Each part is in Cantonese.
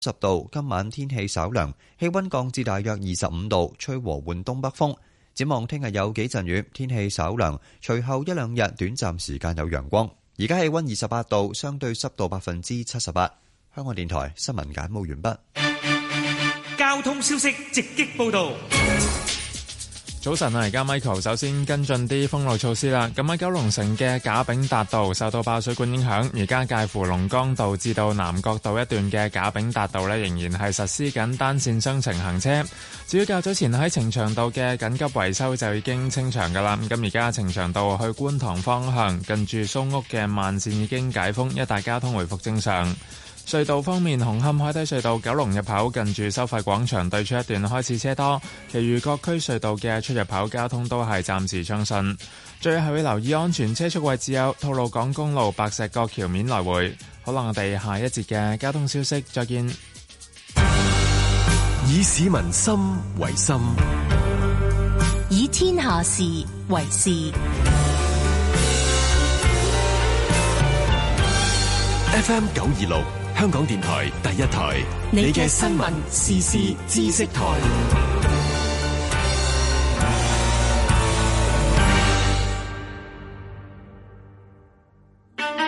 十度，今晚天氣稍涼，氣溫降至大約二十五度，吹和緩東北風。展望聽日有幾陣雨，天氣稍涼，隨後一兩日短暫時間有陽光。而家氣溫二十八度，相對濕度百分之七十八。香港電台新聞簡報完畢。交通消息直擊報道。早晨啊，而家 Michael 首先跟進啲封路措施啦。咁喺九龍城嘅賈炳達道受到爆水管影響，而家介乎龍崗道至到南角道一段嘅賈炳達道呢，仍然係實施緊單線雙程行車。至於較早前喺呈祥道嘅緊急維修就已經清場噶啦。咁而家呈祥道去觀塘方向近住蘇屋嘅慢線已經解封，一帶交通回復正常。隧道方面，紅磡海底隧道九龍入口近住收費廣場對出一段開始車多，其餘各區隧道嘅出入口交通都係暫時暢順。最後會留意安全車速位置有吐露港公路白石角橋面來回。好啦，我哋下一節嘅交通消息再見。以市民心為心，以天下事為事。FM 九二六。香港電台第一台，你嘅新聞時事知識台。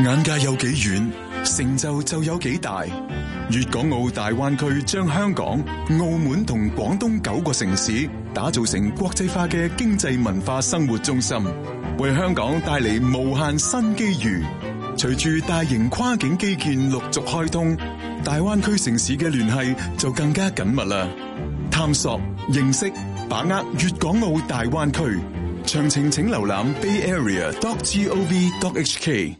眼界有幾遠，成就就有幾大。粵港澳大灣區將香港、澳門同廣東九個城市打造成國際化嘅經濟文化生活中心，為香港帶嚟無限新機遇。隨住大型跨境基建陸續開通，大灣區城市嘅聯繫就更加緊密啦。探索、認識、把握粵港澳大灣區，詳情請瀏覽 bayarea.gov.hk。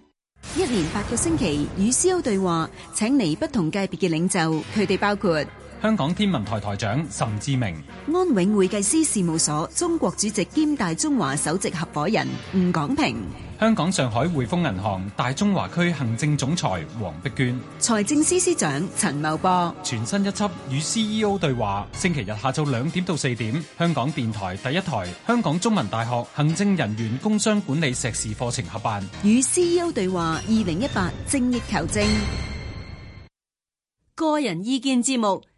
一連八個星期與 CEO 對話，請嚟不同界別嘅領袖，佢哋包括。香港天文台台長岑志明，安永會計師事務所中國主席兼大中華首席合伙人吳廣平，香港上海匯豐銀行大中華區行政總裁黃碧娟，財政司司長陳茂波，全新一輯與 C E O 對話，星期日下晝兩點到四點，香港電台第一台，香港中文大學行政人員工商管理碩士課程合辦，與 C E O 對話二零一八精益求精，個人意見節目。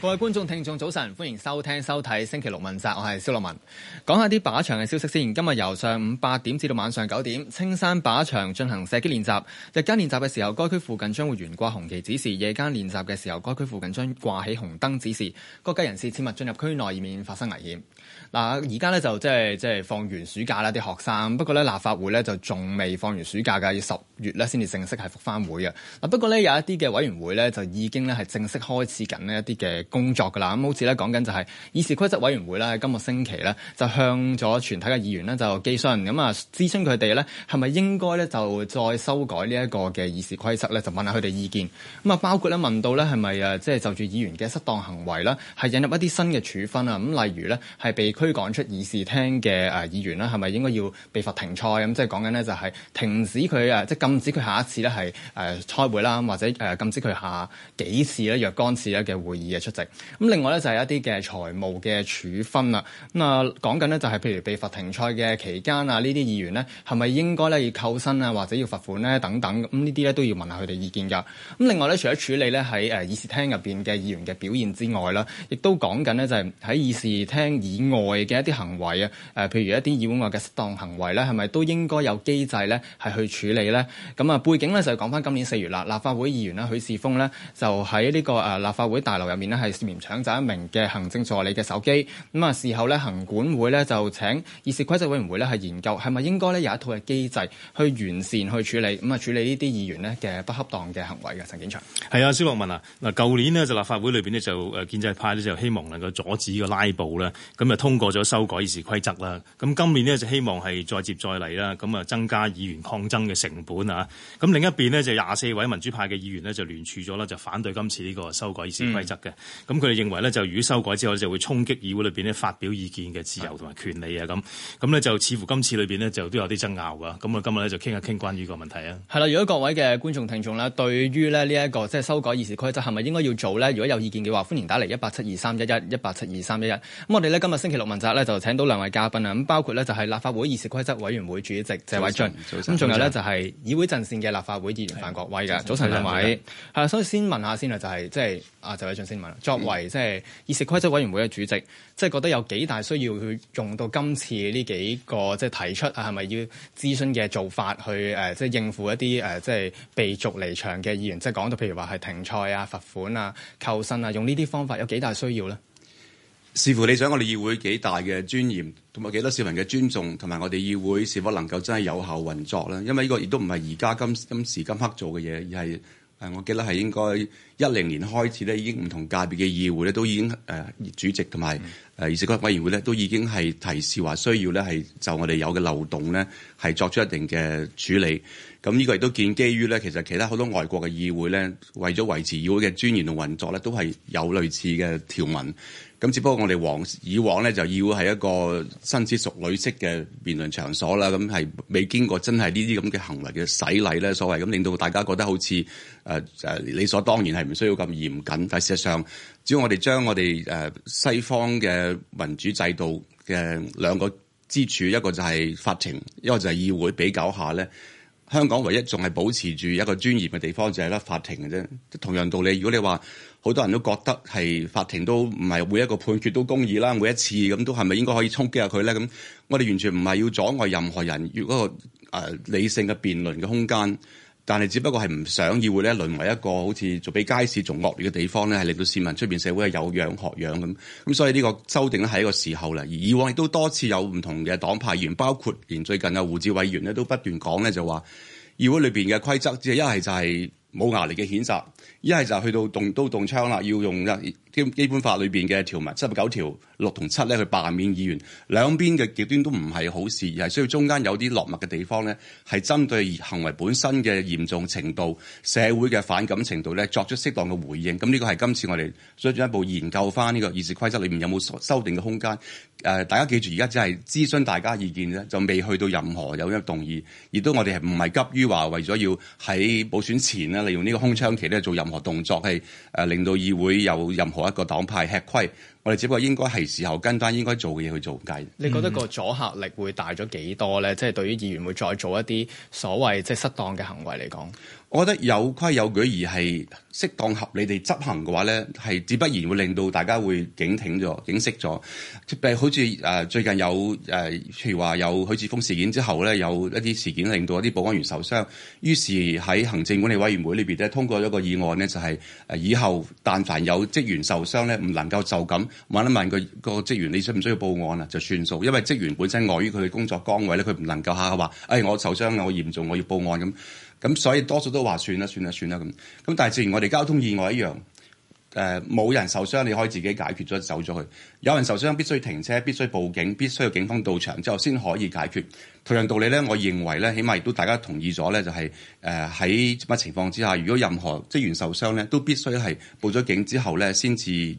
各位觀眾、聽眾，早晨，歡迎收聽、收睇《星期六問集》，我係蕭洛汶，講下啲靶場嘅消息先。今日由上午八點至到晚上九點，青山靶場進行射擊練習。日間練習嘅時候，該區附近將會懸掛紅旗指示；夜間練習嘅時候，該區附近將掛起紅燈指示，各界人士切勿進入區內，以免發生危險。嗱，而家咧就即係即係放完暑假啦，啲學生。不過咧，立法會咧就仲未放完暑假㗎，要十月咧先至正式係復翻會嘅。嗱，不過咧有一啲嘅委員會咧就已經咧係正式開始緊呢一啲嘅工作㗎啦。咁好似咧講緊就係、是、議事規則委員會呢，今個星期咧就向咗全體嘅議員呢，就寄信，咁啊諮詢佢哋咧係咪應該咧就再修改呢一個嘅議事規則咧，就問下佢哋意見。咁啊包括咧問到咧係咪啊，即係就住議員嘅失當行為啦，係引入一啲新嘅處分啊。咁例如咧係被驅趕出議事廳嘅誒議員啦，係咪應該要被罰停賽？咁即係講緊呢，就係停止佢誒，即係禁止佢下一次咧係誒開會啦，或者誒禁止佢下幾次咧若干次咧嘅會議嘅出席。咁另外咧就係一啲嘅財務嘅處分啦。咁啊講緊呢，就係譬如被罰停賽嘅期間啊，呢啲議員呢，係咪應該咧要扣薪啊，或者要罰款咧等等？咁呢啲咧都要問下佢哋意見噶。咁另外咧，除咗處理咧喺誒議事廳入邊嘅議員嘅表現之外啦，亦都講緊呢，就係喺議事廳以外嘅一啲行為啊，誒、呃，譬如一啲議員外嘅適當行為咧，係咪都應該有機制咧，係去處理咧？咁、嗯、啊，背景咧就係講翻今年四月啦，立法會議員啦許智峯呢，就喺呢、這個誒、呃、立法會大樓入面咧係涉嫌搶走一名嘅行政助理嘅手機。咁、嗯、啊，事後呢，行管會呢，就請議事規則委員會呢，係研究係咪應該呢有一套嘅機制去完善去處理，咁、嗯、啊處理呢啲議員呢嘅不恰當嘅行為嘅。陳景祥，係啊，蕭洛汶啊，嗱，舊年呢，就立法會裏邊呢，就誒建制派呢，就希望能夠阻止呢個拉布啦，咁啊通過咗修改議事規則啦，咁今年呢，就希望係再接再厲啦，咁啊增加議員抗爭嘅成本啊，咁另一邊呢，就廿四位民主派嘅議員呢，就聯署咗啦，就反對今次呢個修改議事規則嘅，咁佢哋認為呢，就如果修改之後就會衝擊議會裏邊呢發表意見嘅自由同埋權利啊，咁咁呢就似乎今次裏邊呢，就都有啲爭拗噶，咁啊今日呢，就傾一傾關於個問題啊，係啦，如果各位嘅觀眾聽眾呢，對於呢呢一個即係修改議事規則係咪應該要做呢？如果有意見嘅話，歡迎打嚟，一八七二三一一，一八七二三一一，咁我哋呢，今日星期六。問責咧就請到兩位嘉賓啊，咁包括咧就係立法會議事規則委員會主席謝偉俊，咁仲有咧就係議會陣線嘅立法會議員范國威嘅。早晨，兩位。係啊，所以先問下先啊，就係即係啊謝偉俊先問，作為即係議事規則委員會嘅主席，即係覺得有幾大需要去用到今次呢幾個即係提出啊，係咪要諮詢嘅做法去誒，即係應付一啲誒，即係被逐離場嘅議員，即係講到譬如話係停賽啊、罰款啊、扣薪啊，用呢啲方法有幾大需要咧？視乎你想，我哋議會幾大嘅尊嚴，同埋幾多市民嘅尊重，同埋我哋議會是否能夠真係有效運作咧？因為呢個亦都唔係而家今今時今刻做嘅嘢，而係誒，我記得係應該一零年開始咧，已經唔同界別嘅議會咧，都已經誒、呃、主席同埋誒議事規則委員會咧，都已經係提示話需要咧，係就我哋有嘅漏洞咧，係作出一定嘅處理。咁呢個亦都建基於咧，其實其他好多外國嘅議會咧，為咗維持議會嘅尊嚴同運作咧，都係有類似嘅條文。咁只不過我哋往以往咧就要係一個紳士淑女式嘅辯論場所啦，咁係未經過真係呢啲咁嘅行為嘅洗禮咧，所謂咁令到大家覺得好似誒誒理所當然係唔需要咁嚴謹，但係事實上，只要我哋將我哋誒西方嘅民主制度嘅兩個支柱，一個就係法庭，一個就係議會比較下咧，香港唯一仲係保持住一個尊嚴嘅地方就係、是、咧法庭嘅啫。同樣道理，如果你話，好多人都覺得係法庭都唔係每一個判決都公義啦，每一次咁都係咪應該可以衝擊下佢咧？咁我哋完全唔係要阻礙任何人、那個，如果個理性嘅辯論嘅空間，但係只不過係唔想議會咧淪為一個好似做比街市仲惡劣嘅地方咧，係令到市民出面社會係有樣學樣咁。咁所以呢個修訂咧係一個時候啦。而以往亦都多次有唔同嘅黨派員，包括連最近嘅胡志偉員咧，都不斷講咧就話議會裏面嘅規則只係一係就係、是。冇壓力嘅譴責，一係就去到動刀動槍啦，要用一。基本法裏面嘅條文七十九條六同七咧，去罷免議員，兩邊嘅極端都唔係好事，而係需要中間有啲落墨嘅地方咧，係針對行為本身嘅嚴重程度、社會嘅反感程度咧，作出適當嘅回應。咁呢個係今次我哋想進一步研究翻呢個議事規則裏面有冇修訂嘅空間，呃。大家記住，而家只係諮詢大家意見呢就未去到任何有一動議，亦都我哋係唔係急於話為咗要喺補選前呢，利用呢個空窗期咧做任何動作，係令到議會有任何。同一個黨派吃虧，我哋只不過應該係時候跟單，應該做嘅嘢去做計。你覺得個阻嚇力會大咗幾多咧？即係對於議員會再做一啲所謂即係失當嘅行為嚟講。我覺得有規有矩而係適當合理地執行嘅話咧，係自不然會令到大家會警挺咗、警惕咗。即係好似誒、呃、最近有誒，譬、呃、如話有許智峰事件之後咧，有一啲事件令到一啲保安員受傷，於是喺行政管理委員會裏面呢，咧通過咗個議案咧，就係、是、以後但凡有職員受傷咧，唔能夠就咁問一問個個職員你需唔需要報案啊？就算數，因為職員本身礙於佢嘅工作崗位咧，佢唔能夠下下話誒我受傷啊，我嚴重我要報案咁。咁所以多數都話算啦，算啦，算啦咁。咁但係，自然我哋交通意外一樣，誒、呃、冇人受傷，你可以自己解決咗走咗去；有人受傷，必須停車，必須報警，必須要警，警方到場之後先可以解決。同樣道理咧，我認為咧，起碼亦都大家同意咗咧，就係誒喺乜情況之下，如果任何職員受傷咧，都必須係報咗警之後咧，先至誒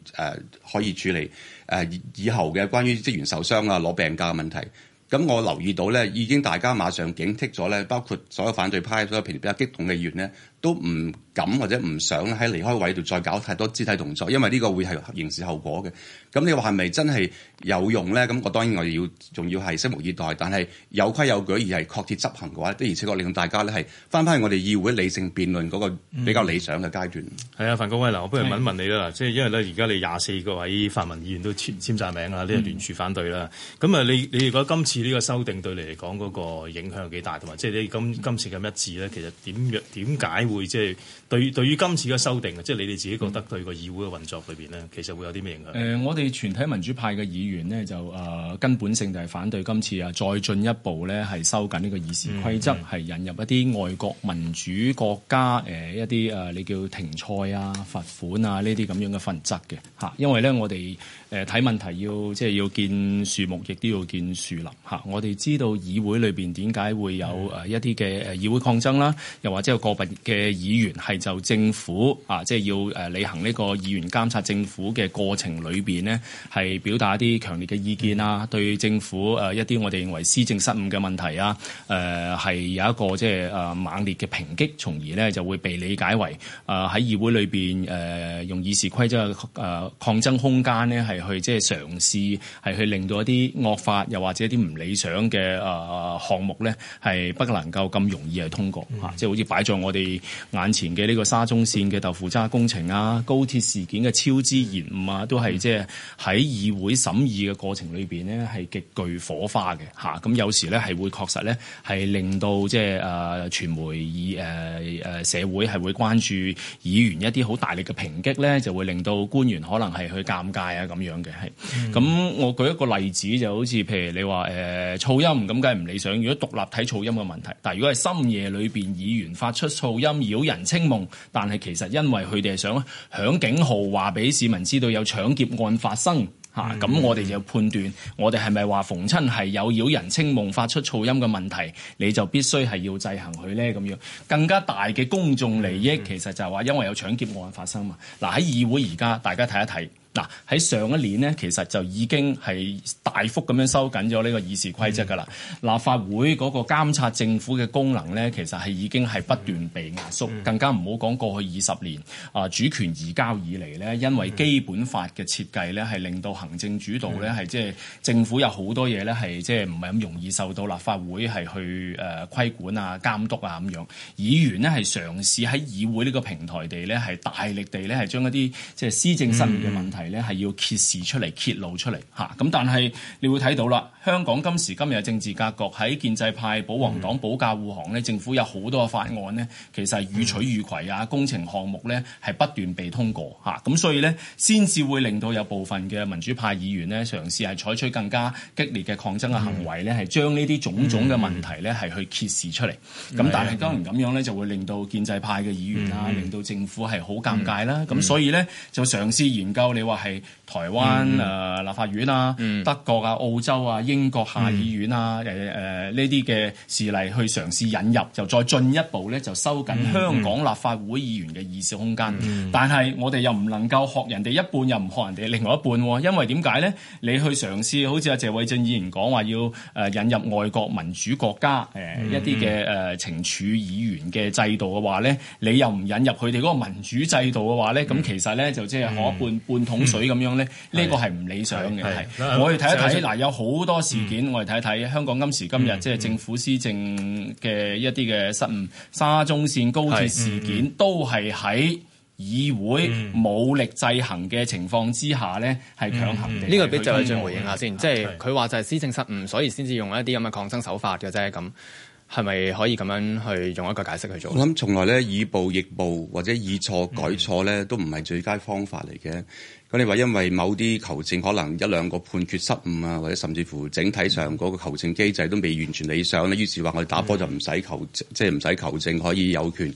可以處理誒、呃、以後嘅關於職員受傷啊攞病假嘅問題。咁我留意到呢，已經大家馬上警惕咗呢，包括所有反對派，所有平時比較激動嘅議員呢，都唔敢或者唔想喺離開位度再搞太多肢體動作，因為呢個會係刑事後果嘅。咁你話係咪真係有用咧？咁我當然我哋要仲要係拭目以待。但係有規有矩而係確切執行嘅話，的而且確令大家咧係翻返去我哋議會理性辯論嗰個比較理想嘅階段。係、嗯、啊，范國威嗱，我不如問問你啦，即係是因為咧而家你廿四個位泛民議員都簽簽曬名啊，呢個聯署反對啦。咁啊、嗯，你你如果今次呢個修訂對你嚟講嗰個影響有幾大同埋，即係你今今次咁一致咧，其實點樣點解？會即係、就是、對對於今次嘅修訂，即、就、係、是、你哋自己覺得對個議會嘅運作裏邊呢，其實會有啲咩影響？誒、呃，我哋全體民主派嘅議員呢，就誒、呃、根本性就係反對今次啊，再進一步咧係收緊呢個議事規則，係、嗯嗯、引入一啲外國民主國家誒、呃、一啲誒、呃、你叫停賽啊、罰款啊呢啲咁樣嘅罰則嘅嚇，因為咧我哋。誒睇問題要即係、就是、要見樹木，亦都要見樹林吓。我哋知道議會裏邊點解會有一啲嘅議會抗爭啦，又或者個別嘅議員係就政府即係、就是、要誒履行呢個議員監察政府嘅過程裏邊呢，係表達一啲強烈嘅意見啊，對政府誒一啲我哋認為施政失誤嘅問題啊，係有一個即係誒猛烈嘅抨擊，從而呢就會被理解為喺議會裏邊誒用議事規則嘅誒抗爭空間呢。係。去即係嘗試係去令到一啲惡法，又或者一啲唔理想嘅誒項目咧，係不能夠咁容易係通過吓，即係好似擺在我哋眼前嘅呢個沙中綫嘅豆腐渣工程啊，高鐵事件嘅超支延誤啊，都係即係喺議會審議嘅過程裏邊咧，係極具火花嘅吓，咁有時咧係會確實咧係令到即係誒傳媒以誒、啊、誒、啊、社會係會關注議員一啲好大力嘅抨擊咧，就會令到官員可能係去尷尬啊咁樣。嘅係，咁，嗯、我舉一個例子就好似，譬如你話誒、呃、噪音，咁梗係唔理想。如果獨立睇噪音嘅問題，但係如果係深夜裏邊議員發出噪音擾人清夢，但係其實因為佢哋係想響警號，話俾市民知道有搶劫案發生吓。咁，嗯、我哋就判斷，我哋係咪話逢親係有擾人清夢發出噪音嘅問題，你就必須係要制衡佢咧咁樣。更加大嘅公眾利益，其實就係話因為有搶劫案發生嘛。嗱，喺議會而家，大家睇一睇。嗱喺、啊、上一年咧，其實就已經係大幅咁樣收緊咗呢個議事規則噶啦。立法會嗰個監察政府嘅功能咧，其實係已經係不斷被壓縮，更加唔好講過去二十年啊主權移交以嚟咧，因為基本法嘅設計咧，係令到行政主導咧係即係政府有好多嘢咧係即係唔係咁容易受到立法會係去誒規管啊監督啊咁樣，議員咧係嘗試喺議會呢個平台地咧係大力地咧係將一啲即係施政失誤嘅問題。係咧，係要揭示出嚟，揭露出嚟咁。但係你會睇到啦，香港今時今日嘅政治格局，喺建制派保、嗯、保皇黨保家護航咧，政府有好多嘅法案呢，其實係予取予葵啊，工程項目咧係不斷被通過，咁所以咧，先至會令到有部分嘅民主派議員呢，嘗試係採取更加激烈嘅抗爭嘅行為咧，係、嗯、將呢啲種種嘅問題咧係去揭示出嚟。咁、嗯、但係當然咁樣咧，嗯、就會令到建制派嘅議員啊，嗯、令到政府係好尷尬啦。咁所以咧，就嘗試研究你話係台灣誒、嗯呃、立法院啊、嗯、德國啊、澳洲啊、英國下議院啊、誒誒呢啲嘅事例去嘗試引入，就再進一步咧就收緊香港立法會議員嘅議事空間。嗯嗯、但係我哋又唔能夠學人哋一半，又唔學人哋另外一半喎、啊。因為點解咧？你去嘗試好似阿謝偉俊議員講話要誒引入外國民主國家誒一啲嘅誒懲處議員嘅制度嘅話咧，嗯、你又唔引入佢哋嗰個民主制度嘅話咧，咁、嗯、其實咧就即係可半、嗯、半通水咁樣咧，呢個係唔理想嘅。係我哋睇一睇嗱，有好多事件，我哋睇一睇香港今時今日即係政府施政嘅一啲嘅失誤，沙中線、高鐵事件都係喺議會武力制衡嘅情況之下咧，係強行嘅。呢個俾謝偉俊回應下先，即係佢話就係施政失誤，所以先至用一啲咁嘅抗爭手法嘅啫。咁係咪可以咁樣去用一個解釋去做？我諗從來咧以暴易暴或者以錯改錯咧，都唔係最佳方法嚟嘅。咁你話因為某啲球證可能一兩個判決失誤啊，或者甚至乎整體上嗰個球證機制都未完全理想咧，於是話我哋打波就唔使球，即係唔使球證，可以有權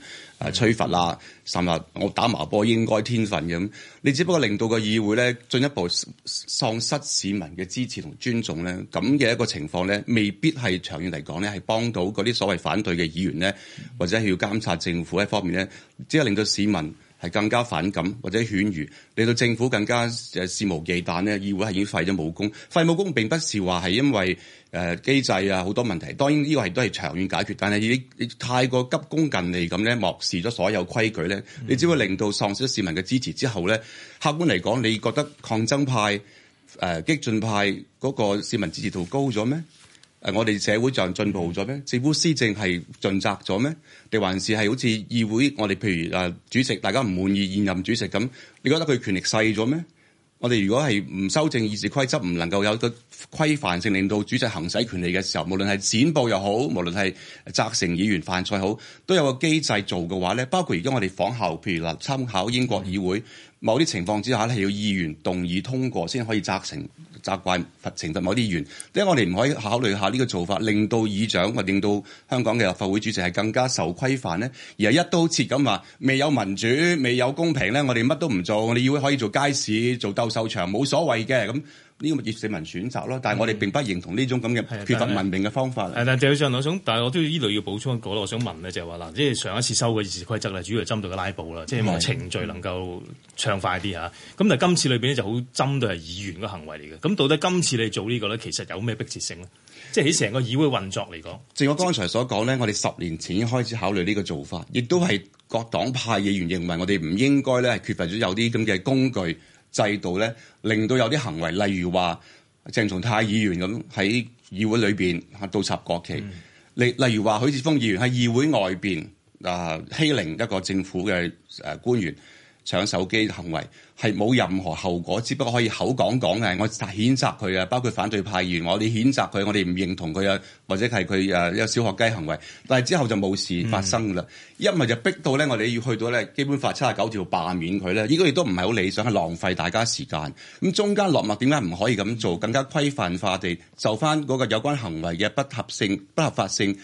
誒吹罰啦，的甚至我打麻波應該天分咁。你只不過令到個議會咧進一步喪失市民嘅支持同尊重咧，咁嘅一個情況咧，未必係長遠嚟講咧係幫到嗰啲所謂反對嘅議員咧，或者係要監察政府一方面咧，只係令到市民，係更加反感或者犬儒，令到政府更加、呃、肆無忌憚咧。議會係已經廢咗武功，廢武功並不是話係因為誒、呃、機制啊，好多問題。當然呢個係都係長遠解決，但係你你太過急功近利咁咧，漠視咗所有規矩咧，嗯、你只會令到喪失咗市民嘅支持。之後咧，客觀嚟講，你覺得抗爭派、呃、激進派嗰個市民支持度高咗咩？啊、我哋社會就進步咗咩？政府施政係盡責咗咩？定還是係好似議會？我哋譬如、啊、主席，大家唔滿意現任主席咁，你覺得佢權力細咗咩？我哋如果係唔修正議事規則，唔能夠有個規範性，令到主席行使權力嘅時候，無論係剪布又好，無論係責成議員犯錯好，都有個機制做嘅話咧，包括而家我哋仿效，譬如話參考英國議會某啲情況之下咧，係要議員動議通過先可以責成。習慣罰、懲罰某啲員，因為我哋唔可以考慮下呢個做法，令到議長或令到香港嘅立法會主席係更加受規範咧，而係一刀切咁話未有民主、未有公平咧，我哋乜都唔做，我哋議會可以做街市、做鬥獸場，冇所謂嘅咁。呢個係市民選擇咯，但係我哋並不認同呢種咁嘅缺乏文明嘅方法。但但就上兩種，但係我都要依度要補充一個咯。我想問咧，就係話嗱，即係上一次修嘅議事規則咧，主要係針對個拉布啦，嗯、即係希望程序能夠暢快啲嚇。咁但係今次裏邊咧就好針對係議員嘅行為嚟嘅。咁到底今次你做呢、這個咧，其實有咩迫切性咧？即係喺成個議會運作嚟講，正如我剛才所講咧，我哋十年前已經開始考慮呢個做法，亦都係各黨派議員認為我哋唔應該咧係缺乏咗有啲咁嘅工具。制度咧，令到有啲行為，例如話鄭松泰議員咁喺議會裏邊吓倒插國旗，例、嗯、例如話許智峰議員喺議會外邊啊欺凌一個政府嘅誒官員。搶手機行為係冇任何後果，只不過可以口講講嘅，我譴責佢啊，包括反對派議員，我哋譴責佢，我哋唔認同佢啊，或者係佢啊有小學雞行為，但係之後就冇事發生噶啦，一咪、嗯、就逼到咧，我哋要去到咧基本法七十九條罷免佢咧，呢個亦都唔係好理想，係浪費大家時間。咁中間落墨點解唔可以咁做，更加規範化地就翻嗰個有關行為嘅不合性、不合法性？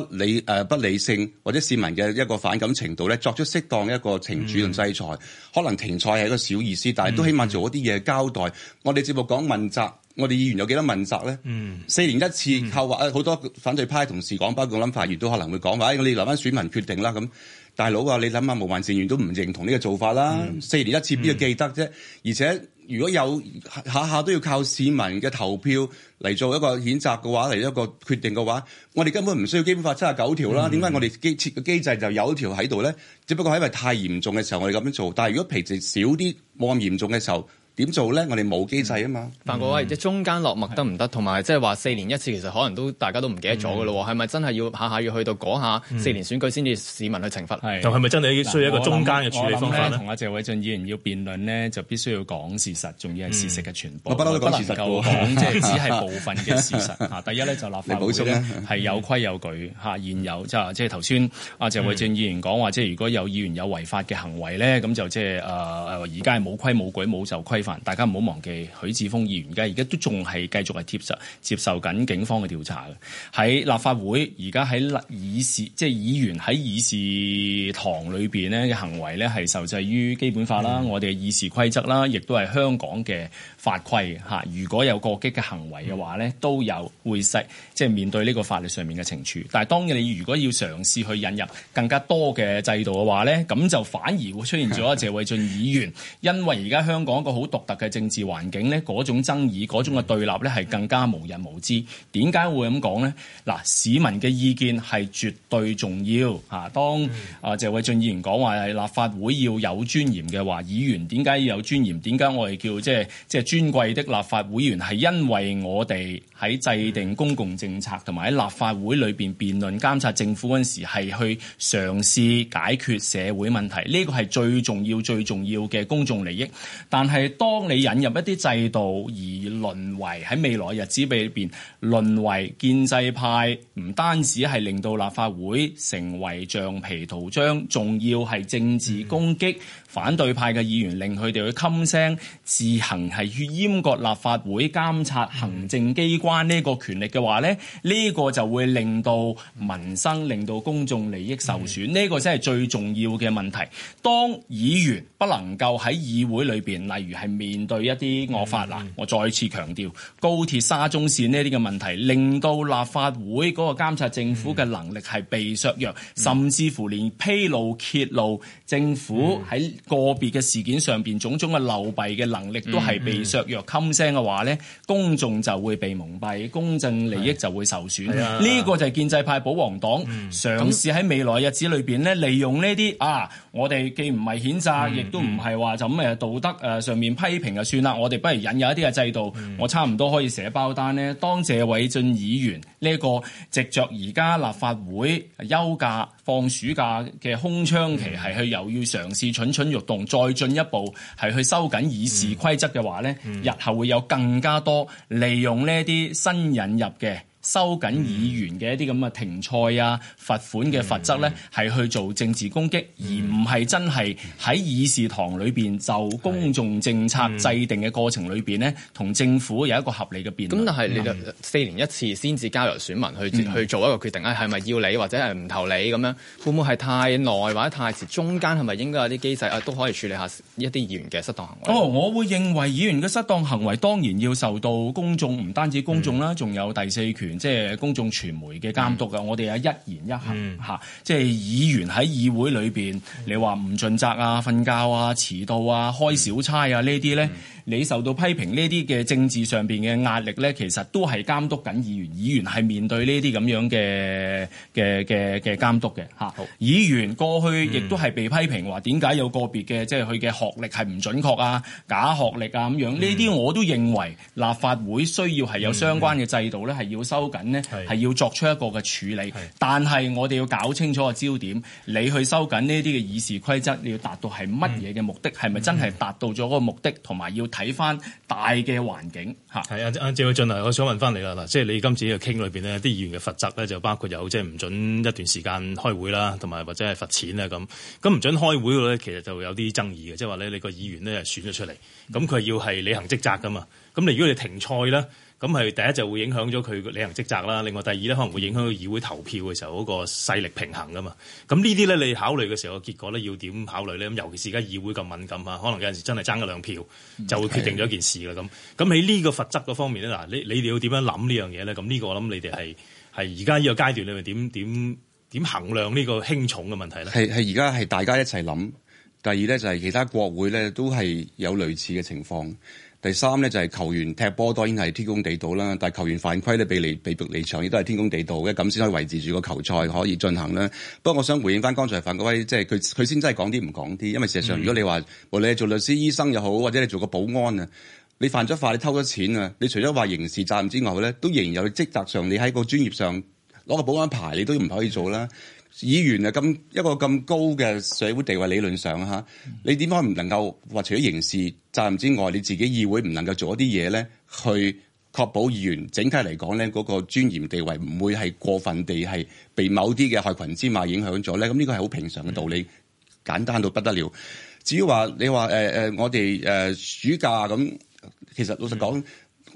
不理、呃、不理性或者市民嘅一個反感程度咧，作出適當嘅一個懲處同制裁，嗯、可能停賽係一個小意思，嗯、但係都起碼做一啲嘢交代。嗯、我哋節目講問責，我哋議員有幾多問責咧？四、嗯、年一次，後話好多反對派同事講，包括我諗法院都可能會講話，我哋留翻選民決定啦。咁大佬啊，你諗下無限成員都唔認同呢個做法啦，四、嗯、年一次邊個記得啫？嗯、而且。如果有下下都要靠市民嘅投票嚟做一個譴責嘅話，嚟一個決定嘅話，我哋根本唔需要基本法七十九條啦。點解我哋機設嘅機制就有一條喺度咧？只不過喺因為太嚴重嘅時候我哋咁樣做，但係如果皮質少啲，冇咁嚴重嘅時候。點做咧？我哋冇機制啊嘛。但係喂，即中間落墨得唔得？同埋即係話四年一次，其實可能都大家都唔記得咗嘅咯喎。係咪真係要下下要去到嗰下四年選舉先至市民去懲罰？係。就係咪真係需要一個中間嘅處理方法？同阿謝偉俊議員要辯論呢，就必須要講事實，仲要係事實嘅全部。我不能夠講即係只係部分嘅事實。嚇，第一咧就立法會咧係有規有矩嚇，現有即係即係頭先阿謝偉俊議員講話，即係如果有議員有違法嘅行為咧，咁就即係誒而家係冇規冇矩冇受規。大家唔好忘記許智峰議員嘅，而家都仲係繼續係貼實接受緊警方嘅調查嘅。喺立法會而家喺議事，即係議員喺議事堂裏邊咧嘅行為咧，係受制於基本法啦、嗯、我哋嘅議事規則啦，亦都係香港嘅法規嚇。如果有過激嘅行為嘅話咧，都有會識即係面對呢個法律上面嘅懲處。但係當然你如果要嘗試去引入更加多嘅制度嘅話呢，咁就反而會出現咗謝偉俊議員， 因為而家香港一個好獨特嘅政治環境咧，嗰種爭議、嗰種嘅對立咧，係更加無人無知。點解會咁講咧？嗱，市民嘅意見係絕對重要。吓、啊，當、嗯、啊謝偉俊議員講話係立法會要有尊嚴嘅話，議員點解要有尊嚴？點解我哋叫即係即係尊貴的立法會員？係因為我哋喺制定公共政策同埋喺立法會裏邊辯論、監察政府嗰陣時，係去嘗試解決社會問題。呢、這個係最重要、最重要嘅公眾利益。但係當當你引入一啲制度，而淪為喺未來日子比裏邊淪為建制派，唔單止係令到立法會成為橡皮圖章，仲要係政治攻擊、嗯、反對派嘅議員，令佢哋去噤聲，自行係閹割立法會監察行政機關呢個權力嘅話咧，呢、嗯、個就會令到民生、嗯、令到公眾利益受損。呢、嗯、個先係最重要嘅問題。當議員不能夠喺議會裏邊，例如係面對一啲惡法啦，mm hmm. 我再次強調，高鐵沙中線呢啲嘅問題令到立法會嗰個監察政府嘅能力係被削弱，mm hmm. 甚至乎連披露揭露政府喺個別嘅事件上邊種種嘅流弊嘅能力都係被削弱噤聲嘅話咧，公眾就會被蒙蔽，公眾利益就會受損呢、mm hmm. 個就係建制派保皇黨嘗試喺未來日子裏邊咧，利用呢啲啊，我哋既唔係譴責，亦都唔係話就咁誒道德誒上面。批評就算啦，我哋不如引入一啲嘅制度，嗯、我差唔多可以寫包單咧。當謝偉俊議員呢個藉着而家立法會休假、放暑假嘅空窗期，係去又要嘗試蠢蠢欲動，再進一步係去收緊議事規則嘅話咧，嗯嗯、日後會有更加多利用呢啲新引入嘅。收緊議員嘅一啲咁嘅停賽啊、罰款嘅罰則咧，係、嗯、去做政治攻擊，嗯、而唔係真係喺議事堂裏面就公眾政策制定嘅過程裏面呢，同、嗯、政府有一個合理嘅辯論。咁但係你就四年一次先至交由選民去、嗯、去做一個決定啊，係咪要你或者係唔投你咁樣，會唔會係太耐或者太遲？中間係咪應該有啲機制啊，都可以處理下一啲議員嘅失當行為？哦，我會認為議員嘅失當行為當然要受到公眾，唔單止公眾啦，仲、嗯、有第四權。即係公眾傳媒嘅監督啊！嗯、我哋啊一言一行吓。嗯、即係議員喺議會裏邊，嗯、你話唔盡責啊、瞓覺啊、遲到啊、開小差啊、嗯、呢啲咧。嗯你受到批評呢啲嘅政治上邊嘅壓力咧，其實都係監督緊議員，議員係面對呢啲咁樣嘅嘅嘅嘅監督嘅吓，好議員過去亦都係被批評話點解有個別嘅即係佢嘅學歷係唔準確啊、假學歷啊咁樣呢啲，嗯、我都認為立法會需要係有相關嘅制度咧，係要收緊咧，係要作出一個嘅處理。的但係我哋要搞清楚個焦點，你去收緊呢啲嘅議事規則，你要達到係乜嘢嘅目的？係咪、嗯、真係達到咗嗰個目的？同埋要。睇翻大嘅環境嚇，係啊謝偉俊啊，我想問翻你啦嗱，即係你今次嘅傾裏邊咧，啲議員嘅罰則咧就包括有即係唔准一段時間開會啦，同埋或者係罰錢啊咁。咁唔准開會嘅咧，其實就有啲爭議嘅，即係話咧你個議員咧係選咗出嚟，咁佢要係履行職責噶嘛，咁你如果你停賽咧？咁係第一就會影響咗佢嘅履行職責啦。另外第二咧可能會影響到議會投票嘅時候嗰個勢力平衡㗎嘛。咁呢啲咧你考慮嘅時候結果咧要點考慮咧？咁尤其是而家議會咁敏感啊，可能有陣時真係爭一兩票就會決定咗一件事啦咁。咁喺呢個罰則嗰方面咧，嗱你你哋要點樣諗呢樣嘢咧？咁呢個我諗你哋係係而家呢個階段你哋點點點衡量呢個輕重嘅問題咧？係而家係大家一齊諗。第二咧就係其他國會咧都係有類似嘅情況。第三咧就係、是、球員踢波當然係天公地道啦，但係球員犯規咧被離被逼離場亦都係天公地道嘅，咁先可以維持住個球賽可以進行啦。不過我想回應返剛才范國威，即係佢佢先真係講啲唔講啲，因為事實上如果你話，無論、嗯、你做律師、醫生又好，或者你做個保安啊，你犯咗法，你偷咗錢啊，你除咗話刑事責任之外咧，都仍然有職責上，你喺個專業上攞個保安牌，你都唔可以做啦。議員啊，咁一個咁高嘅社會地位，理論上嚇，你點解唔能夠話除咗刑事責任之外，你自己議會唔能夠做一啲嘢咧，去確保議員整體嚟講咧嗰個尊嚴地位唔會係過分地係被某啲嘅害群之馬影響咗咧？咁呢個係好平常嘅道理，嗯、簡單到不得了。至於話你話誒誒，我哋誒、呃、暑假咁，其實老實講。嗯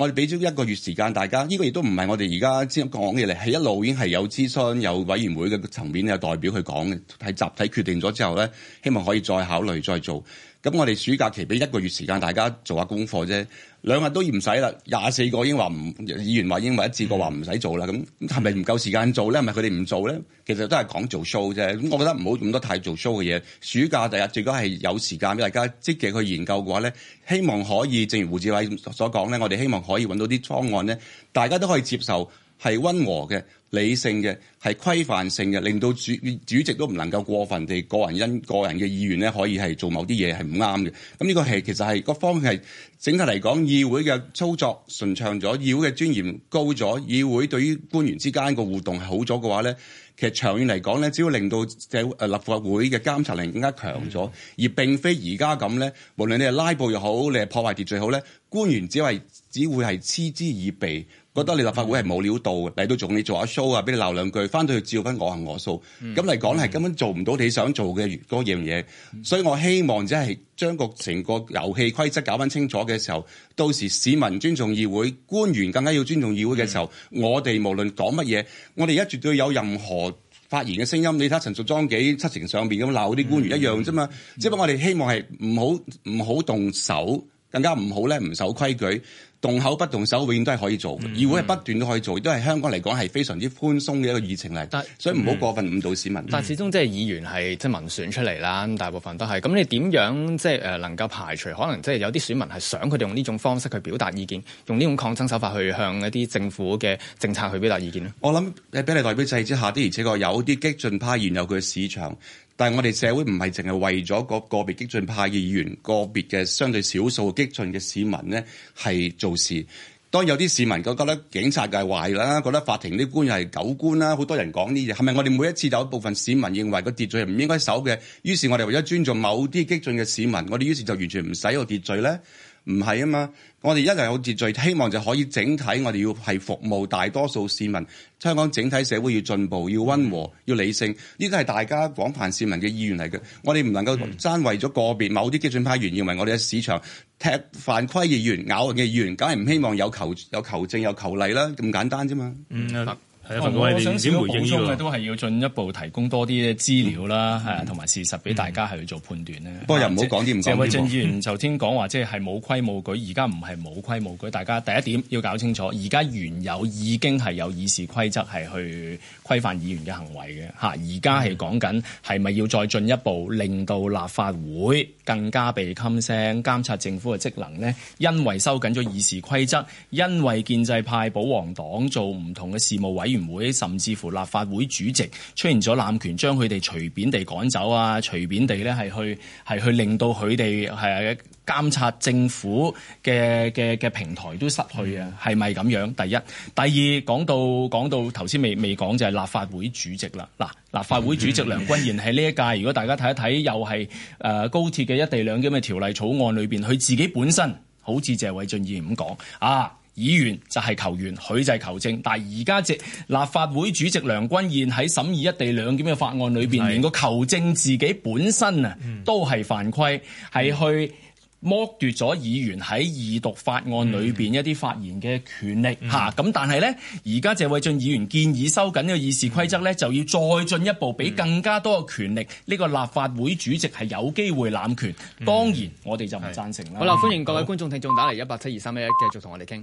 我哋俾咗一個月時間大家，呢個亦都唔係我哋而家先講嘅嚟，係一路已經係有諮詢、有委員會嘅層面、有代表去講嘅，係集體決定咗之後咧，希望可以再考慮、再做。咁我哋暑假期俾一個月時間大家做下功課啫，兩日都唔使啦。廿四個已經話唔，議員話已經話一次過話唔使做啦。咁係咪唔夠時間做咧？係咪佢哋唔做咧？其實都係講做 show 啫。咁我覺得唔好咁多太做 show 嘅嘢。暑假第日最多係有時間俾大家積極去研究嘅話咧，希望可以，正如胡志偉所講咧，我哋希望可以揾到啲方案咧，大家都可以接受。係溫和嘅、理性嘅、係規範性嘅，令到主主席都唔能夠過分地個人因個人嘅意願咧，可以係做某啲嘢係唔啱嘅。咁呢、嗯這個係其實係個方向係整體嚟講，議會嘅操作順暢咗，議會嘅尊嚴高咗，議會對於官員之間個互動係好咗嘅話咧，其實長遠嚟講咧，只要令到立法會嘅監察力更加強咗，嗯、而並非而家咁咧，無論你係拉布又好，你係破壞秩序好咧，官員只係只會係嗤之以鼻。覺得你立法會係冇料到嚟到做，你做個 show 啊，俾你鬧兩句，翻到去照翻我行我素。咁嚟講係根本做唔到你想做嘅嗰樣嘢。那個嗯、所以我希望即係將個成個遊戲規則搞翻清楚嘅時候，到時市民尊重議會，官員更加要尊重議會嘅時候，嗯、我哋無論講乜嘢，我哋而家絕對有任何發言嘅聲音。你睇陳淑莊幾七情上面咁鬧啲官員一樣啫嘛。只不過、嗯嗯、我哋希望係唔好唔好動手，更加唔好咧唔守規矩。動口不動手永遠都係可以做，嘅、嗯，議會係不斷都可以做，亦都係香港嚟講係非常之寬鬆嘅一個議程嚟。但所以唔好過分誤導市民。嗯、但係始終即係議員係即係民選出嚟啦，大部分都係。咁你點樣即係誒能夠排除可能即係有啲選民係想佢哋用呢種方式去表達意見，用呢種抗爭手法去向一啲政府嘅政策去表達意見咧？我諗喺比例代表制之下，的而且確有啲激進派沿有佢嘅市場。但係我哋社會唔係淨係為咗個個別激進派嘅議員、個別嘅相對少數激進嘅市民呢係做事。當有啲市民佢覺得警察梗係壞啦，覺得法庭啲官又係狗官啦，好多人講呢嘢，係咪我哋每一次都有部分市民認為個秩序唔應該守嘅，於是我哋為咗尊重某啲激進嘅市民，我哋於是就完全唔使個秩序呢？唔係啊嘛，我哋一嚟好秩序，希望就可以整體。我哋要係服務大多數市民，香港整體社會要進步，要溫和，要理性。呢啲係大家廣泛市民嘅意願嚟嘅。我哋唔能夠爭為咗個別、嗯、某啲激進派議員，認為我哋嘅市場踢犯規議員、咬人嘅議員，梗係唔希望有求有求證有求例啦。咁簡單啫嘛。嗯我想如果補充嘅都係要進一步提供多啲資料啦，係同埋事實俾大家係去做判斷咧。不過又唔好講啲唔講。謝偉俊議員頭先講話，即係冇規冇矩。而家唔係冇規冇矩，大家第一點要搞清楚，而家原有已經係有議事規則係去規範議員嘅行為嘅，嚇、啊。而家係講緊係咪要再進一步令到立法會更加被噤聲監察政府嘅職能呢？因為收緊咗議事規則，因為建制派保皇黨做唔同嘅事務委員。會甚至乎立法會主席出現咗濫權，將佢哋隨便地趕走啊，隨便地咧係去係去令到佢哋係監察政府嘅嘅嘅平台都失去啊，係咪咁樣？第一，第二講到講到頭先未未講就係立法會主席啦。嗱，立法會主席梁君彥喺呢一屆，如果大家睇一睇，又係誒高鐵嘅一地兩檢嘅條例草案裏邊，佢自己本身好似謝偉俊議員咁講啊。議員就係球員，佢就係球證。但係而家直立法會主席梁君彥喺審議一地兩檢嘅法案裏邊，連個球證自己本身啊，都係犯規，係去剝奪咗議員喺二讀法案裏邊一啲發言嘅權力嚇。咁但係咧，而家謝偉俊議員建議收緊呢個議事規則咧，就要再進一步俾更加多嘅權力，呢個立法會主席係有機會濫權。當然我哋就唔贊成啦。好啦，歡迎各位觀眾聽眾打嚟一八七二三一一，繼續同我哋傾。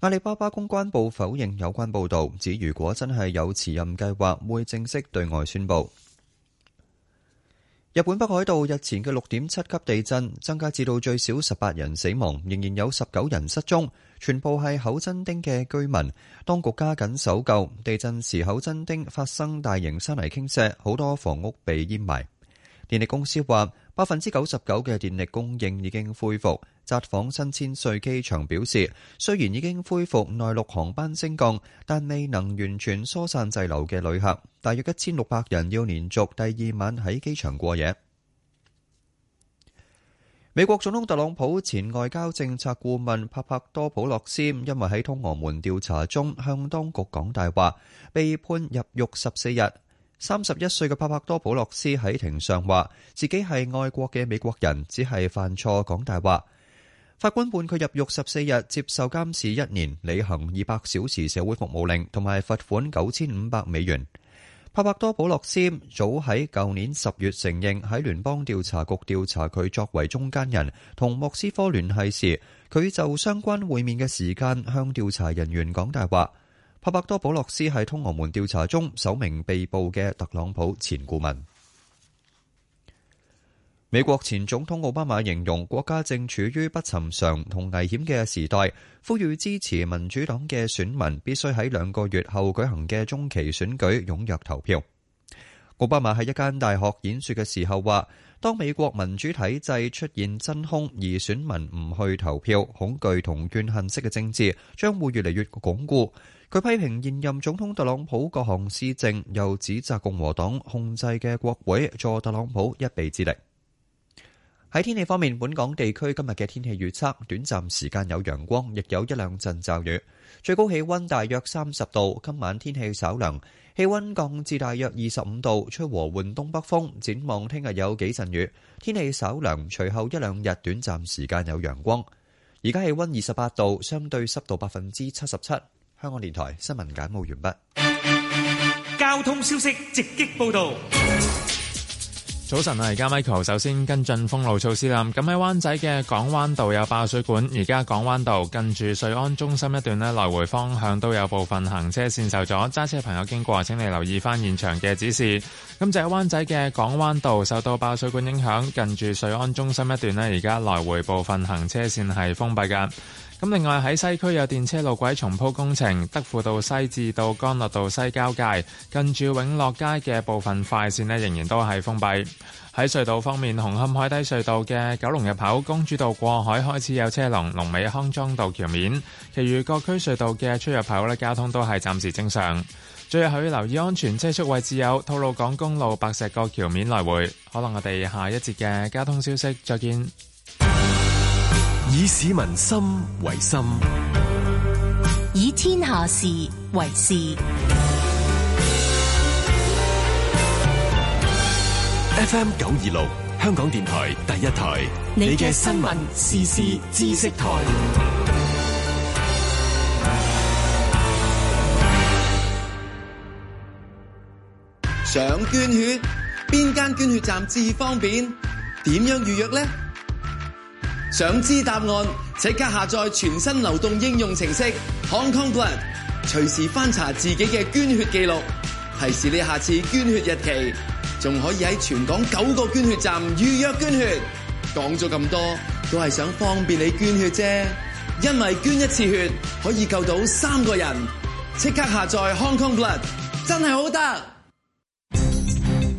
阿里巴巴公關部否認有關報道，指如果真係有辭任計劃，會正式對外宣布。日本北海道日前嘅六點七級地震，增加至到最少十八人死亡，仍然有十九人失蹤，全部係厚真町嘅居民。當局加緊搜救。地震時厚真町發生大型山泥傾瀉，好多房屋被淹埋。電力公司話，百分之九十九嘅電力供應已經恢復。札幌新千歲機場表示，雖然已經恢復內陸航班升降，但未能完全疏散滯留嘅旅客，大約一千六百人要連續第二晚喺機場過夜。美國總統特朗普前外交政策顧問帕帕多普洛斯因為喺通俄門調查中向當局講大話，被判入獄十四日。三十一歲嘅帕帕多普洛斯喺庭上話，自己係愛國嘅美國人，只係犯錯講大話。法官判佢入獄十四日，接受監視一年，履行二百小時社會服務令，同埋罰款九千五百美元。帕帕多普洛斯早喺舊年十月承認喺聯邦調查局調查佢作為中間人同莫斯科聯繫時，佢就相關會面嘅時間向調查人員講大話。帕百多普洛斯係通俄門調查中首名被捕嘅特朗普前顧問。美國前總統奧巴馬形容國家正處於不尋常同危險嘅時代，呼籲支持民主黨嘅選民必須喺兩個月後舉行嘅中期選舉踊躍投票。奧巴馬喺一間大學演說嘅時候話：當美國民主體制出現真空，而選民唔去投票，恐懼同怨恨式嘅政治將會越嚟越鞏固。佢批評現任總統特朗普各項施政，又指責共和黨控制嘅國會助特朗普一臂之力。喺天氣方面，本港地區今日嘅天氣預測：短暫時間有陽光，亦有一兩陣驟雨，最高氣温大約三十度。今晚天氣稍涼，氣温降至大約二十五度，吹和緩東北風。展望聽日有幾陣雨，天氣稍涼，隨後一兩日短暫時間有陽光。而家氣温二十八度，相對濕度百分之七十七。香港電台新聞簡報完畢。交通消息直擊報道。早晨啊，而家 Michael，首先跟進封路措施啦。咁喺灣仔嘅港灣道有爆水管，而家港灣道近住瑞安中心一段呢，來回方向都有部分行車線受阻。揸車朋友經過，請你留意翻現場嘅指示。咁就喺灣仔嘅港灣道受到爆水管影響，近住瑞安中心一段呢，而家來回部分行車線係封閉噶。咁另外喺西區有電車路軌重鋪工程，德輔道西至到干諾道西交界近住永樂街嘅部分快線呢，仍然都係封閉。喺隧道方面，紅磡海底隧道嘅九龍入口公主道過海開始有車龍，龍尾康莊道橋面。其餘各區隧道嘅出入口呢，交通都係暫時正常。最後要留意安全車速位置，有吐露港公路白石角橋面來回。可能我哋下一節嘅交通消息再見。以市民心為心，以天下事為事。FM 九二六，香港電台第一台，你嘅新聞、新聞時事、知識台。想捐血，邊間捐血站至方便？點樣預約呢？想知答案，即刻下載全新流動應用程式 Hong Kong Blood，隨時翻查自己嘅捐血記錄，提示你下次捐血日期，仲可以喺全港九個捐血站預約捐血。講咗咁多，都係想方便你捐血啫，因為捐一次血可以救到三個人。即刻下載 Hong Kong Blood，真係好得。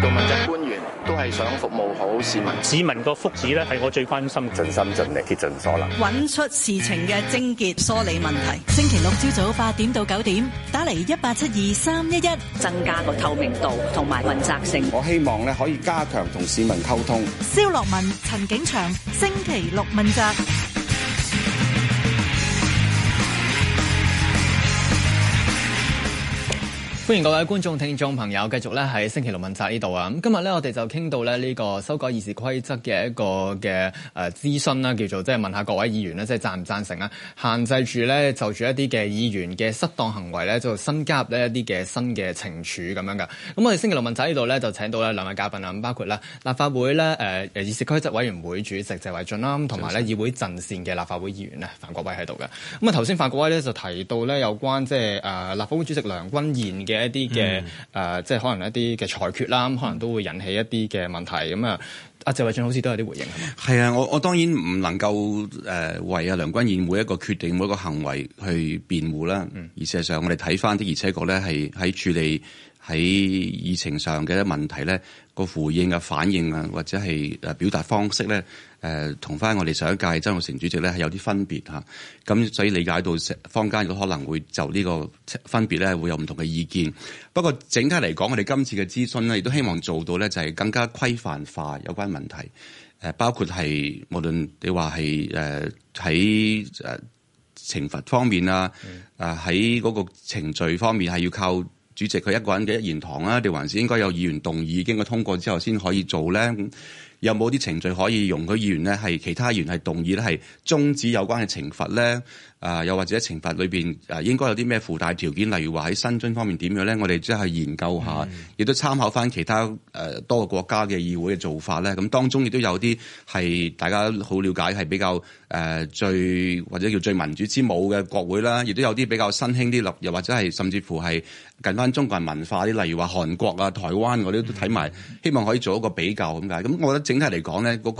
做問責官員都係想服務好市民，市民個福祉咧係我最關心，盡心盡力竭盡所能，揾出事情嘅症結、梳理問題。星期六朝早八點到九點，打嚟一八七二三一一，增加個透明度同埋問責性。我希望咧可以加強同市民溝通。蕭洛汶、陳景祥，星期六問責。歡迎各位觀眾、聽眾朋友，繼續咧喺星期六問責呢度啊！咁今日咧，我哋就傾到咧呢個修改議事規則嘅一個嘅誒諮詢啦，叫做即係問下各位議員咧，即係贊唔贊成啊？限制住咧就住一啲嘅議員嘅失當行為咧，就新加入呢一啲嘅新嘅懲處咁樣嘅。咁我哋星期六問責呢度咧就請到咧兩位嘉賓啊，咁包括咧立法會咧誒、呃、議事規則委員會主席謝偉俊啦，同埋咧議會陣線嘅立法會議員咧范國威喺度嘅。咁啊頭先范國威咧就提到咧有關即係誒立法會主席梁君彥嘅。一啲嘅誒，即係可能一啲嘅裁決啦，可能都會引起一啲嘅問題。咁啊，阿謝偉俊好似都有啲回應，係嘛？係啊，我我當然唔能夠誒為阿梁君彥每一個決定每一個行為去辯護啦。嗯、而事實上，我哋睇翻的而且確咧係喺處理喺議程上嘅一問題咧。個回應啊、反應啊，或者係誒表達方式咧，誒同翻我哋上一屆曾鈺成主席咧係有啲分別吓，咁、啊、所以理解到坊間都可能會就呢個分別咧會有唔同嘅意見。不過整體嚟講，我哋今次嘅諮詢咧，亦都希望做到咧就係、是、更加規範化有關問題，誒、呃、包括係無論你話係誒喺誒懲罰方面啊，啊喺嗰個程序方面係要靠主席佢一個人嘅一言堂啊，定還是應該有議員動議經過通過之後先可以做咧？有冇啲程序可以容許議員咧係其他議員係動議咧係終止有關嘅懲罰咧？啊、呃，又或者喺懲罰裏面啊，應該有啲咩附帶條件，例如話喺薪津方面點樣咧？我哋即係研究下，亦都參考翻其他誒、呃、多個國家嘅議會嘅做法咧。咁當中亦都有啲係大家好了解，係比較誒、呃、最或者叫最民主之母嘅國會啦。亦都有啲比較新興啲立，又或者係甚至乎係近翻中國人文化啲，例如話韓國啊、台灣嗰啲都睇埋，希望可以做一個比較咁解。咁我覺得整體嚟講咧，嗰、那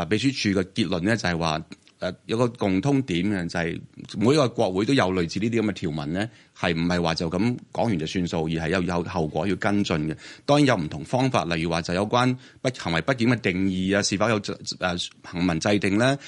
個秘書處嘅結論咧就係話。誒有個共通點嘅就係、是、每一個國會都有類似呢啲咁嘅條文咧，係唔係話就咁講完就算數，而係又有後果要跟進嘅。當然有唔同方法，例如話就有關不行為不檢嘅定義啊，是否有行文制定咧？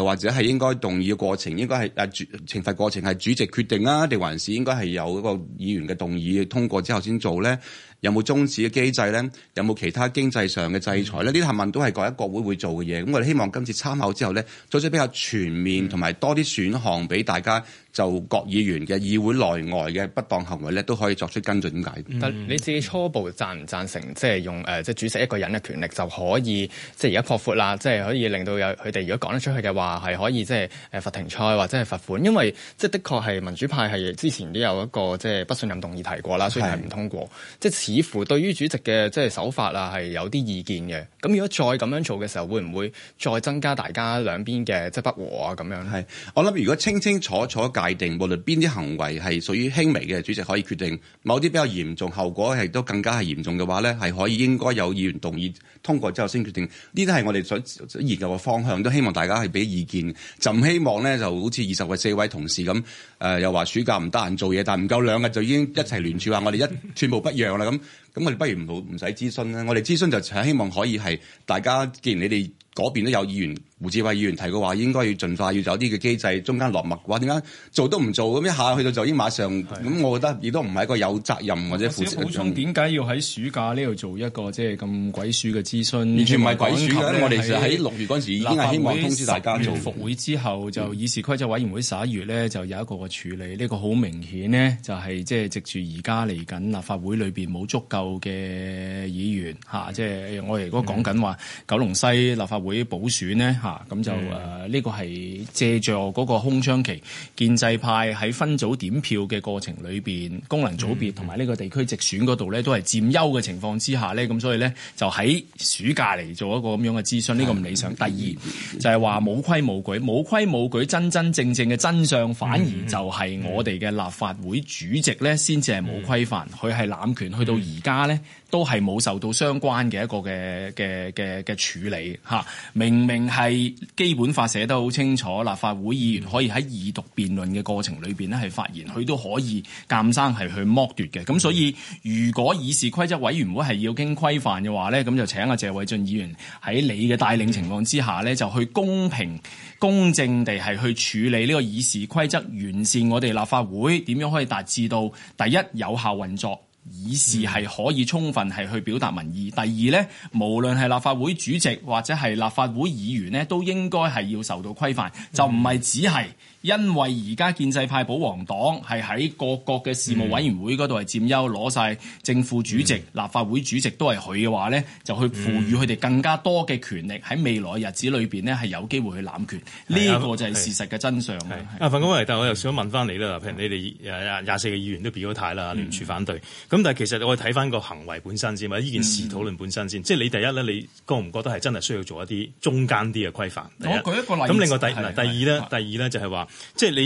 或者係應該動議嘅過程應該係誒懲罰過程係主席決定啊，定還是應該係有嗰個議員嘅動議通過之後先做咧？有冇有中止嘅機制呢？有冇有其他經濟上嘅制裁呢？呢啲行為都係各一國會會做嘅嘢。咁我哋希望今次參考之後呢，做出比較全面同埋多啲選項畀大家。嗯就各議員嘅議會內外嘅不當行為咧，都可以作出跟進點解？嗯、但你自己初步贊唔贊成，即係用即係、呃、主席一個人嘅權力就可以，即係而家擴闊啦，即係可以令到有佢哋如果講得出去嘅話，係可以即係誒罰停賽或者係罰款，因為即係的確係民主派係之前都有一個即係不信任動議提過啦，所以係唔通過，是即係似乎對於主席嘅即係手法啊係有啲意見嘅。咁如果再咁樣做嘅時候，會唔會再增加大家兩邊嘅即係不和啊咁樣？係，我諗如果清清楚楚界定無論邊啲行為係屬於輕微嘅，主席可以決定；某啲比較嚴重，後果係都更加係嚴重嘅話咧，係可以應該有議員同意通過之後先決定。呢啲係我哋想研究嘅方向，都希望大家係俾意見。就唔希望咧，就好似二十位四位同事咁，誒、呃、又話暑假唔得閒做嘢，但係唔夠兩日就已經一齊聯署話我哋一寸步不讓啦。咁咁我哋不如唔唔使諮詢啦。我哋諮詢就係希望可以係大家既然你哋。嗰邊都有議員胡志偉議員提過話，應該要盡快要走啲嘅機制，中間落墨話，點解做都唔做咁一下去到就已經馬上？咁的、嗯、我覺得亦都唔係一個有責任或者，或者補充點解樣要喺暑假呢度做一個即係咁鬼鼠嘅諮詢，完全唔係鬼鼠嘅。求我哋就喺六月嗰時已經係希望通知大家做。會復會之後就議事規則委員會十一月咧就有一個嘅處理，呢、這個好明顯呢，就係即係藉住而家嚟緊立法會裏面冇足夠嘅議員即係、嗯啊就是、我哋如果講緊話九龍西立法會補選呢？吓、啊，咁就誒呢的、啊呢個係借助嗰個空窗期，建制派喺分組點票嘅過程裏邊，功能組別同埋呢個地區直選嗰度咧，都係佔優嘅情況之下咧，咁所以咧就喺暑假嚟做一個咁樣嘅諮詢，呢、呢個唔理想。的第二就係話冇規冇矩，冇規冇矩真真正正嘅真相，反而就係我哋嘅立法會主席咧，先至係冇規範，佢係濫權，的去到而家咧。都係冇受到相關嘅一個嘅嘅嘅嘅處理嚇，明明係基本法寫得好清楚，立法會議員可以喺二讀辯論嘅過程裏面咧係發言，佢都可以監生係去剝奪嘅。咁所以，如果議事規則委員會係要經規範嘅話咧，咁就請阿謝偉俊議員喺你嘅帶領情況之下咧，就去公平公正地係去處理呢個議事規則，完善我哋立法會點樣可以達至到第一有效運作。以示係可以充分係去表達民意。嗯，第二咧，無論係立法會主席或者係立法會議員咧，都應該係要受到規範，就唔係只係。因為而家建制派保皇黨係喺各國嘅事務委員會嗰度係佔優，攞晒政府主席、立法會主席都係佢嘅話咧，就去賦予佢哋更加多嘅權力喺未來日子裏邊咧，係有機會去攬權。呢個就係事實嘅真相。阿范國威，但係我又想問翻你啦，譬如你哋廿四個議員都變咗態啦，聯署反對。咁但係其實我睇翻個行為本身先，或者呢件事討論本身先。即係你第一咧，你覺唔覺得係真係需要做一啲中間啲嘅規範？我舉一個例。咁另外第第二咧，第二咧就係話。即係你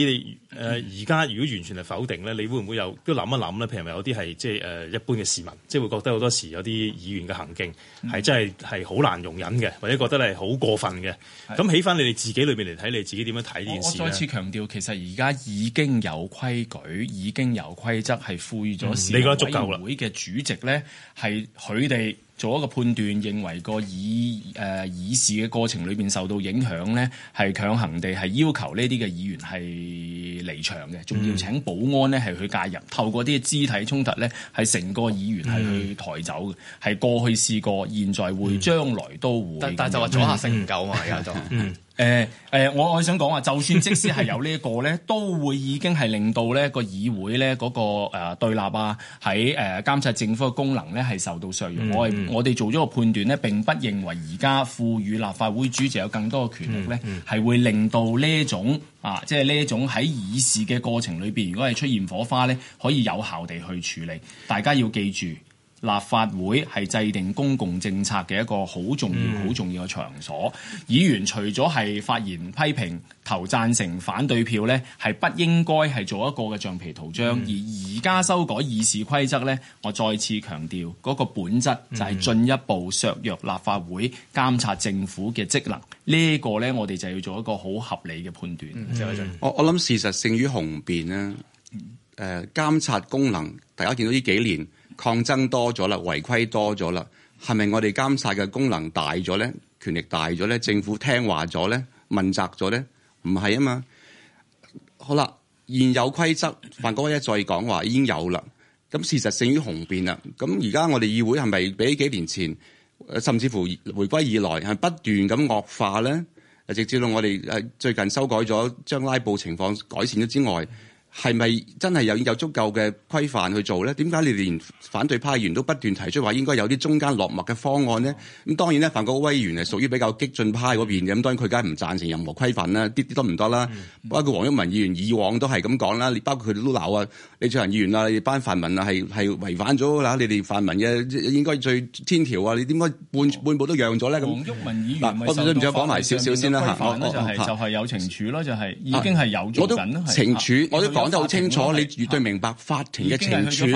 哋誒而家如果完全係否定咧，你會唔會又都諗一諗咧？譬如咪有啲係即係誒一般嘅市民，即係會覺得好多時有啲議員嘅行徑係真係係好難容忍嘅，或者覺得係好過分嘅。咁是的 起翻你哋自己裏面嚟睇，你自己點樣睇呢件事呢？我再次強調，其實而家已經有規矩，已經有規則，係賦予咗你覺得足夠啦市委會嘅主席咧，係佢哋。做一個判斷，認為個議誒議事嘅過程裏面受到影響咧，係強行地係要求呢啲嘅議員係離場嘅，仲要請保安咧係去介入，嗯、透過啲肢體衝突咧係成個議員係去抬走嘅，係、嗯、過去試過，現在會，將來都會但。但但就話阻嚇,、啊嗯、下，性唔夠啊嘛，而家、嗯我、呃呃、我想講啊，就算即使係有呢、這、一個咧， 都會已經係令到咧個議會咧嗰個對對立啊，喺誒監察政府嘅功能咧係受到削弱。嗯嗯、我我哋做咗個判斷咧，並不認為而家賦予立法會主席有更多嘅權力咧，係會令到呢種、嗯嗯、啊，即係呢種喺議事嘅過程裏面，如果係出現火花咧，可以有效地去處理。大家要記住。立法會係制定公共政策嘅一個好重要、好、嗯、重要嘅場所。議員除咗係發言批評、投贊成、反對票呢，係不應該係做一個嘅橡皮圖章。嗯、而而家修改議事規則呢，我再次強調嗰、嗰個本質就係進一步削弱立法會監察政府嘅職能。呢、呢個呢，我哋就要做一個好合理嘅判斷。嗯、我我諗事實勝於雄辯啦。誒、呃，監察功能，大家見到呢幾年。抗爭多咗啦，違規多咗啦，係咪我哋監察嘅功能大咗咧？權力大咗咧？政府聽話咗咧？問責咗咧？唔係啊嘛。好啦，現有規則，范哥一再講話已經有啦。咁事實勝於雄辯啦。咁而家我哋議會係咪比起幾年前，甚至乎回歸以來係不，不斷咁惡化咧？直至到我哋最近修改咗，將拉布情況改善咗之外。係咪真係有有足夠嘅規範去做咧？點解你哋連反對派議員都不斷提出話應該有啲中間落墨嘅方案咧？咁當然咧，范國威議員係屬於比較激進派嗰邊嘅，咁當然佢梗係唔贊成任何規範啦，啲啲多唔多啦？包括黃毓民議員以往都係咁講啦，包括佢都鬧啊你啊、李卓人議員啊、班泛民啊，係係違反咗啦！你哋泛民嘅應該最天條啊，你點解半半步都讓咗咧？咁黃毓民議員咪我哋再講埋少少先啦，我規範就係就係有懲處咯，就係已經係有咗懲處，我都講得好清楚，你絕對明白法庭嘅懲處，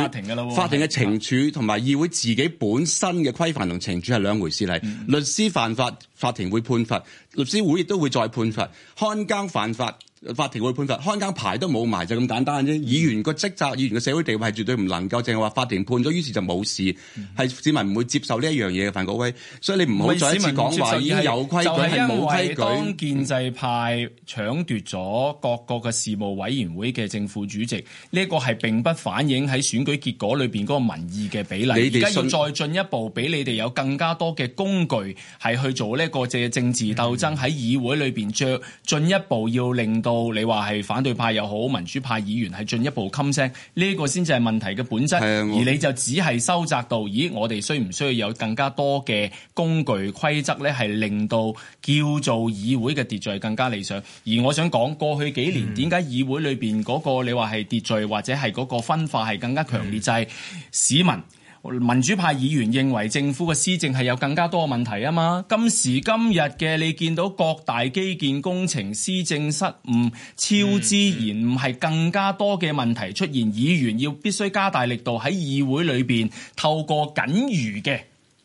法庭嘅懲處同埋議會自己本身嘅規範同懲處係兩回事嚟。嗯、律師犯法，法庭會判罰；律師會亦都會再判罰。看更犯法。法庭會判罰，看間牌都冇埋，就咁簡單啫。議員個職責，議員嘅社會地位係絕對唔能夠，淨係話法庭判咗，於是就冇事，係、嗯、市民唔會接受呢一樣嘢嘅，范國威。所以你唔好再一次講話，已經有規矩係冇規矩。就是、當建制派搶奪咗各國嘅事務委員會嘅正副主席，呢一個係並不反映喺選舉結果裏邊嗰個民意嘅比例。而家要再進一步，俾你哋有更加多嘅工具，係去做呢一個政治鬥爭喺、嗯、議會裏邊，著進一步要令到。到你話係反對派又好，民主派議員係進一步冚聲，呢、呢個先至係問題嘅本質。而你就只係收窄到，咦？我哋需唔需要有更加多嘅工具規則呢係令到叫做議會嘅秩序更加理想？而我想講過去幾年點解、嗯、議會裏邊嗰個你話係秩序或者係嗰個分化係更加強烈，嗯、就係市民。民主派議員認為政府嘅施政係有更加多嘅問題啊嘛，今時今日嘅你見到各大基建工程施政失誤、超支，自然唔係更加多嘅問題出現，議員要必須加大力度喺議會裏面透過僅餘嘅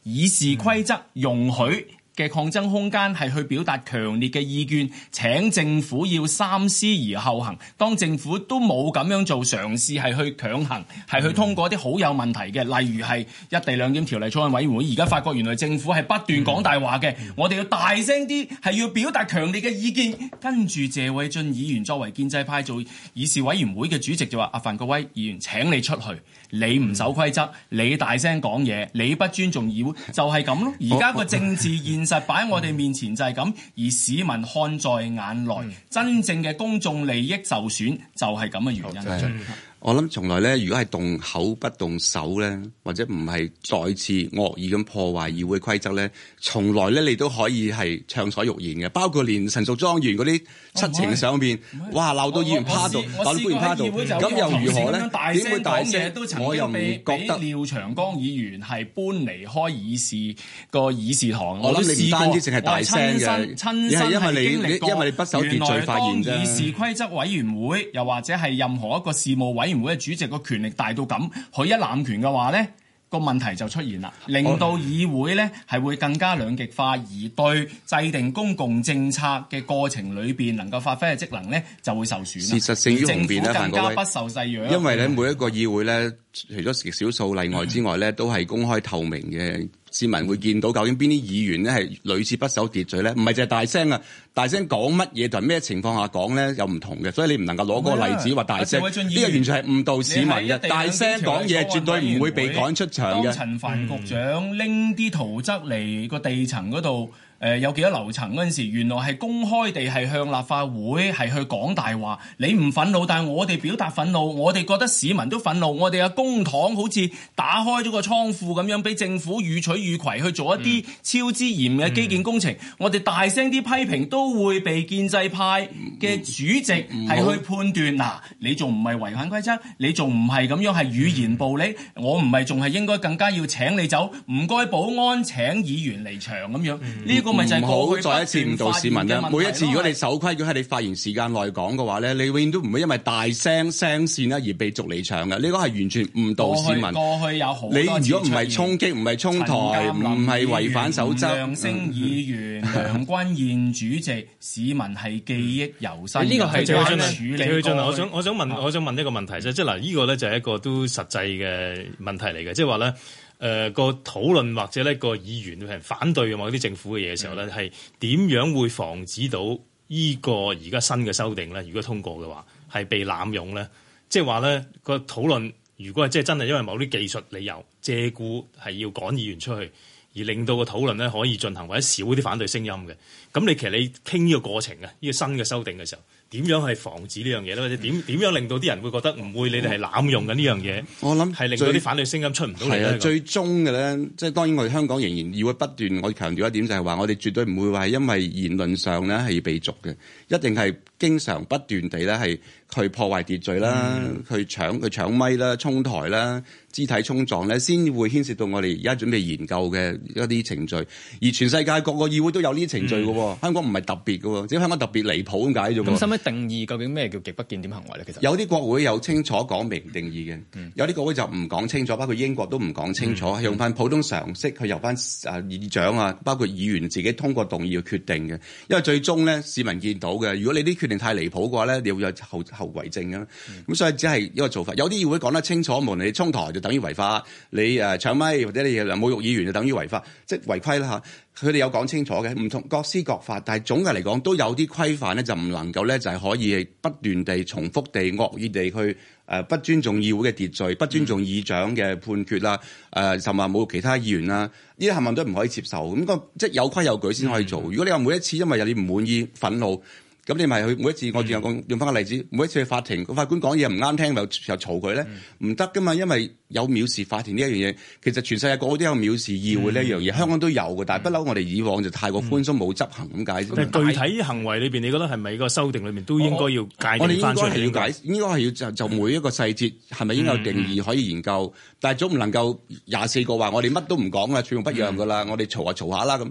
議事規則容許。嘅抗爭空間，係去表達強烈嘅意見，請政府要三思而後行。當政府都冇咁樣做嘗試，係去強行，係去通過啲好有問題嘅，例如係一地兩檢條例草案委員會。而家發覺原來政府係不斷講大話嘅，我哋要大聲啲，係要表達強烈嘅意見。跟住謝偉俊議員作為建制派做議事委員會嘅主席就話，阿范國威議員，請你出去。你唔守規則，你大聲講嘢，你不尊重議會，就係咁咯。而家個政治現實擺喺我哋面前就係咁， 而市民看在眼內， 真正嘅公眾利益受損就係咁嘅原因。 我諗從來咧，如果係動口不動手咧，或者唔係再次惡意咁破壞議會規則咧，從來咧你都可以係暢所欲言嘅，包括連神速莊園嗰啲七情上面，哇，鬧到議員趴度，鬧到官員趴度，咁又如何咧？點會講嘢都曾經被廖長江議員係搬離開議事個議事堂。我諗你唔單止淨係大聲嘅，親，係因為你因為你不守秩序發言啫。原來當議事規則委員會又或者係任何一個事務委員。會嘅主席個權力大到咁，佢一攬權嘅話咧，個問題就出現啦，令到議會咧係會更加兩極化，而對制定公共政策嘅過程裏邊能夠發揮嘅職能咧，就會受損啦。事實勝於雄辯啦，更加不受制約。因為咧，每一個議會咧，除咗極少數例外之外咧，都係公開透明嘅。市民會見到究竟邊啲議員咧係屢次不守秩序咧？唔係淨係大聲啊！大聲講乜嘢同埋咩情況下講咧又唔同嘅，所以你唔能夠攞個例子話、啊、大聲，呢、啊、個完全係誤導市民嘅。完完大聲講嘢絕對唔會被趕出場嘅。陳凡局長拎啲圖則嚟個地層嗰度。嗯誒、呃、有幾多樓層？嗰陣時，原來係公開地係向立法會係去講大話。你唔憤怒，但係我哋表達憤怒，我哋覺得市民都憤怒，我哋嘅公帑好似打開咗個倉庫咁樣，俾政府予取予攜去做一啲超支嚴嘅基建工程。嗯、我哋大聲啲批評都會被建制派嘅主席係去判斷嗱、嗯嗯，你仲唔係違反規則？你仲唔係咁樣係語言暴力？嗯、我唔係仲係應該更加要請你走？唔該保安請議員離場咁樣呢？嗯唔好再一次誤導市民啦！每一次如果你守規，如果喺你發言時間內講嘅話咧，你永遠都唔會因為大聲聲線而被逐離場嘅。呢、這個係完全誤導市民。過去，過去有好多你如果唔係衝擊，唔係衝台，唔係違反守則。梁生議員、嗯、梁君彥主席，市民係記憶猶新。呢、嗯、個係進行處理。我想我想問，我想問一個問題啫，即係嗱，依、就是這個咧就係一個都實際嘅問題嚟嘅，即係話咧。誒，個討論或者呢個議員係反對某啲政府嘅嘢嘅時候咧，係點、嗯、樣會防止到個呢個而家新嘅修訂咧？如果通過嘅話，係被濫用咧，即係話咧個討論，討論如果係即係真係因為某啲技術理由，借故係要趕議員出去，而令到個討論咧可以進行或者少啲反對聲音嘅。咁你其實你傾呢個過程呢、呢個新嘅修訂嘅時候。點樣係防止呢樣嘢咧？或者點點樣令到啲人會覺得唔會你哋係濫用緊呢樣嘢？我諗係令到啲反對聲音出唔到嚟。係啊，最終嘅咧，即係當然我哋香港仍然要不斷，我強調一點就係話，我哋絕對唔會話係因為言論上咧係要被逐嘅，一定係經常不斷地咧係去破壞秩序啦，去搶去搶咪啦，衝台啦。肢體衝撞咧，先會牽涉到我哋而家準備研究嘅一啲程序，而全世界各個議會都有呢啲程序嘅，嗯、香港唔係特別嘅，只香港特別離譜咁解咗咁使乜定義，究竟咩叫極不檢點行為咧？其實有啲國會有清楚講明定義嘅，有啲國會就唔講清楚，包括英國都唔講清楚，係、嗯、用翻普通常識去由翻啊議長啊，包括議員自己通過動議去決定嘅。因為最終咧市民見到嘅，如果你啲決定太離譜嘅話咧，你會有後後遺症嘅。咁、嗯、所以只係一個做法。有啲議會講得清楚，無論你衝台就，等於違法，你誒搶咪或者你冇侮辱議員就等於違法，即係違規啦嚇。佢哋有講清楚嘅，唔同各施各法，但係總嘅嚟講都有啲規範咧，就唔能夠咧就係可以不斷地重複地惡意地去誒不尊重議會嘅秩序，不尊重議長嘅判決啦，誒、呃，甚至侮辱其他議員啦，呢啲行為都唔可以接受。咁個即有規有矩先可以做。嗯、如果你話每一次因為有啲唔滿意、憤怒，咁你咪去每一次，我哋又用翻個例子，每一次去法庭，個法官講嘢唔啱聽，咪又嘈佢咧，唔得噶嘛，因為有藐視法庭呢一樣嘢，其實全世界個個都有藐視議會呢一樣嘢，香港都有嘅，但係不嬲我哋以往就太過寬鬆冇執行咁解。但係具體行為裏邊，你覺得係咪個修訂裏邊都應該要界定翻出嚟？我哋應該係要解，應該係要就就每一個細節係咪應該有定義可以研究？但係總唔能夠廿四個話，我哋乜都唔講啊，寸步不讓噶啦，我哋嘈下嘈下啦咁。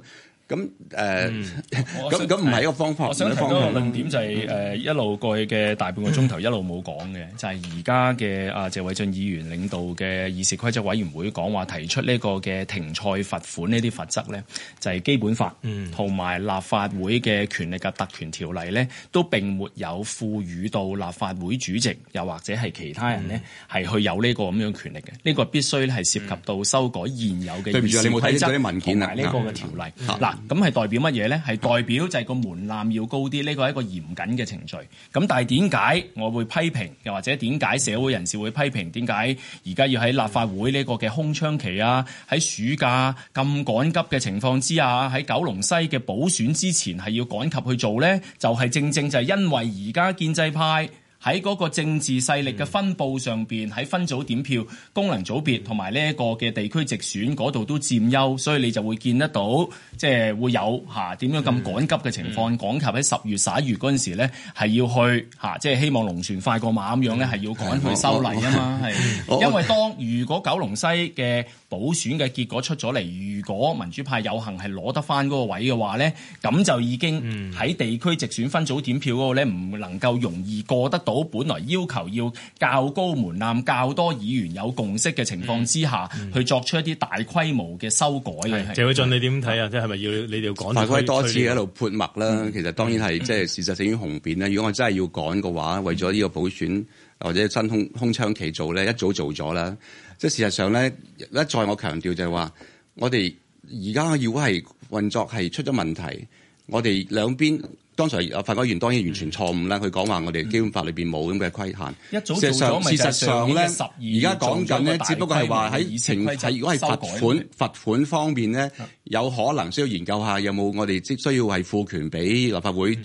咁誒，咁咁唔係一個方法。啊、我想提多個、嗯、個論點就係、是、誒一路過去嘅大半個鐘頭一路冇講嘅， 就係而家嘅阿謝偉俊議員領導嘅議事規則委員會講話提出呢個嘅停賽罰款呢啲罰則咧，就係基本法，同埋、嗯、立法會嘅權力及特權條例咧，都並沒有賦予到立法會主席又或者係其他人咧係去有呢個咁樣權力嘅。呢、這個必須咧係涉及到修改現有嘅議事規則同埋呢個嘅條例嗱。嗯嗯嗯嗯嗯嗯咁係代表乜嘢呢？係代表就係個門檻要高啲，呢個係一個嚴謹嘅程序。咁但係點解我會批評，又或者點解社會人士會批評？點解而家要喺立法會呢個嘅空窗期啊，喺暑假咁趕急嘅情況之下，喺九龍西嘅補選之前係要趕及去做呢？就係、是、正正就係因為而家建制派。喺嗰個政治勢力嘅分佈上面，喺、嗯、分組點票、功能組別同埋呢一個嘅地區直選嗰度都佔優，所以你就會見得到，即、就、係、是、會有點、啊、樣咁趕急嘅情況，趕及喺十月十一月嗰陣時咧，係要去即係、啊就是、希望龍船快過馬咁、嗯、樣咧，係要趕去修例啊嘛，係是因為當如果九龍西嘅。補選嘅結果出咗嚟，如果民主派有幸係攞得翻嗰個位嘅話咧，咁就已經喺地區直選分組點票嗰個咧，唔能夠容易過得到，本來要求要較高門檻、較多議員有共識嘅情況之下，去作出一啲大規模嘅修改嘅。謝偉俊，你點睇啊？即係咪要你哋要趕？法官多次喺度潑墨啦，嗯、其實當然係即係事實勝於雄辯啦。如果我真係要趕嘅話，為咗呢個補選。或者真空空窗期做咧，一早做咗啦。即係事實上咧，一再我強調就係話，我哋而家如果係運作係出咗問題，我哋兩邊當才啊范國威當然完全錯誤啦。佢講話我哋基本法裏面冇咁嘅規限，即係上事實上咧，而家講緊咧，只不過係話喺情係如果係罰款罰款方面咧。有可能需要研究下有冇我哋即需要係賦權俾立法會誒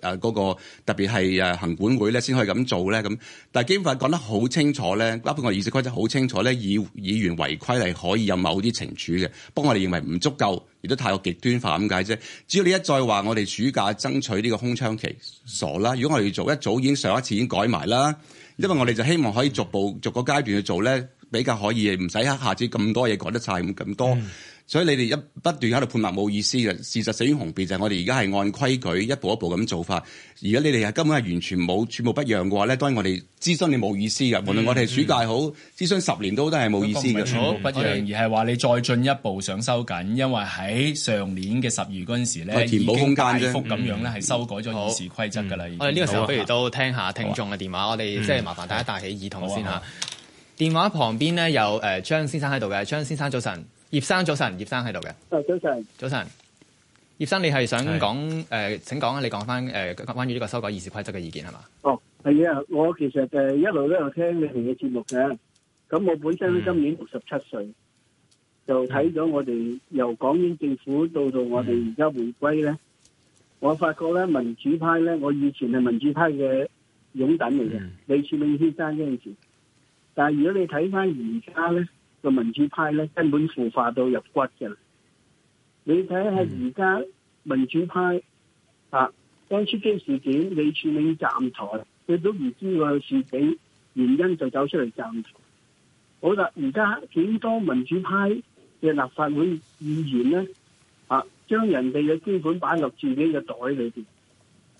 誒嗰個特別係誒行管會咧，先可以咁做咧咁。但係基本法講得好清楚咧，包括我哋議事規則好清楚咧，議議員違規係可以有某啲懲處嘅。不過我哋認為唔足夠，亦都太過極端化咁解啫。只要你一再話我哋暑假爭取呢個空窗期，傻啦！如果我哋做，一早已經上一次已經改埋啦。因為我哋就希望可以逐步逐個階段去做咧，比較可以唔使一下子咁多嘢改得曬咁多。嗯所以你哋一不斷喺度判埋冇意思嘅事實，死於雄辯就係、是、我哋而家係按規矩一步一步咁做法。而家你哋係根本係完全冇寸步不讓嘅話咧，當然我哋諮詢你冇意思嘅、嗯、無論我哋暑假好、嗯、諮詢十年都都係冇意思嘅，好、嗯，不、嗯、不讓是而係話你再進一步想收緊，因為喺上年嘅十二嗰陣時填補空間大幅咁樣咧係修改咗議事規則㗎啦。嗯嗯、而我哋呢個時候不如都聽下聽，聽眾嘅電話，嗯、我哋即係麻煩大家帶起耳筒先嚇。嗯、電話旁邊咧有張先生喺度嘅，張先生早晨。葉生早晨，葉生喺度嘅。早晨。葉早晨上，葉上生，你係想講誒的、呃，請講，你講翻誒關於呢個修改議事規則嘅意見係嘛？是哦，係啊，我其實誒一路都有聽你哋嘅節目嘅。咁我本身今年六十七歲，嗯、就睇咗我哋由港英政府到到我哋而家回歸咧，嗯、我發覺咧民主派咧，我以前係民主派嘅擁躉嚟嘅，李柱銘先生嗰陣時。但係如果你睇翻而家咧，個民主派咧根本腐化到入骨嘅，你睇下而家民主派、mm hmm. 啊，當初啲事件李柱銘站台，佢都唔知個事件原因就走出嚟，站台。好啦，而家好多民主派嘅立法會議員咧，啊，將人哋嘅捐款擺落自己嘅袋裏邊，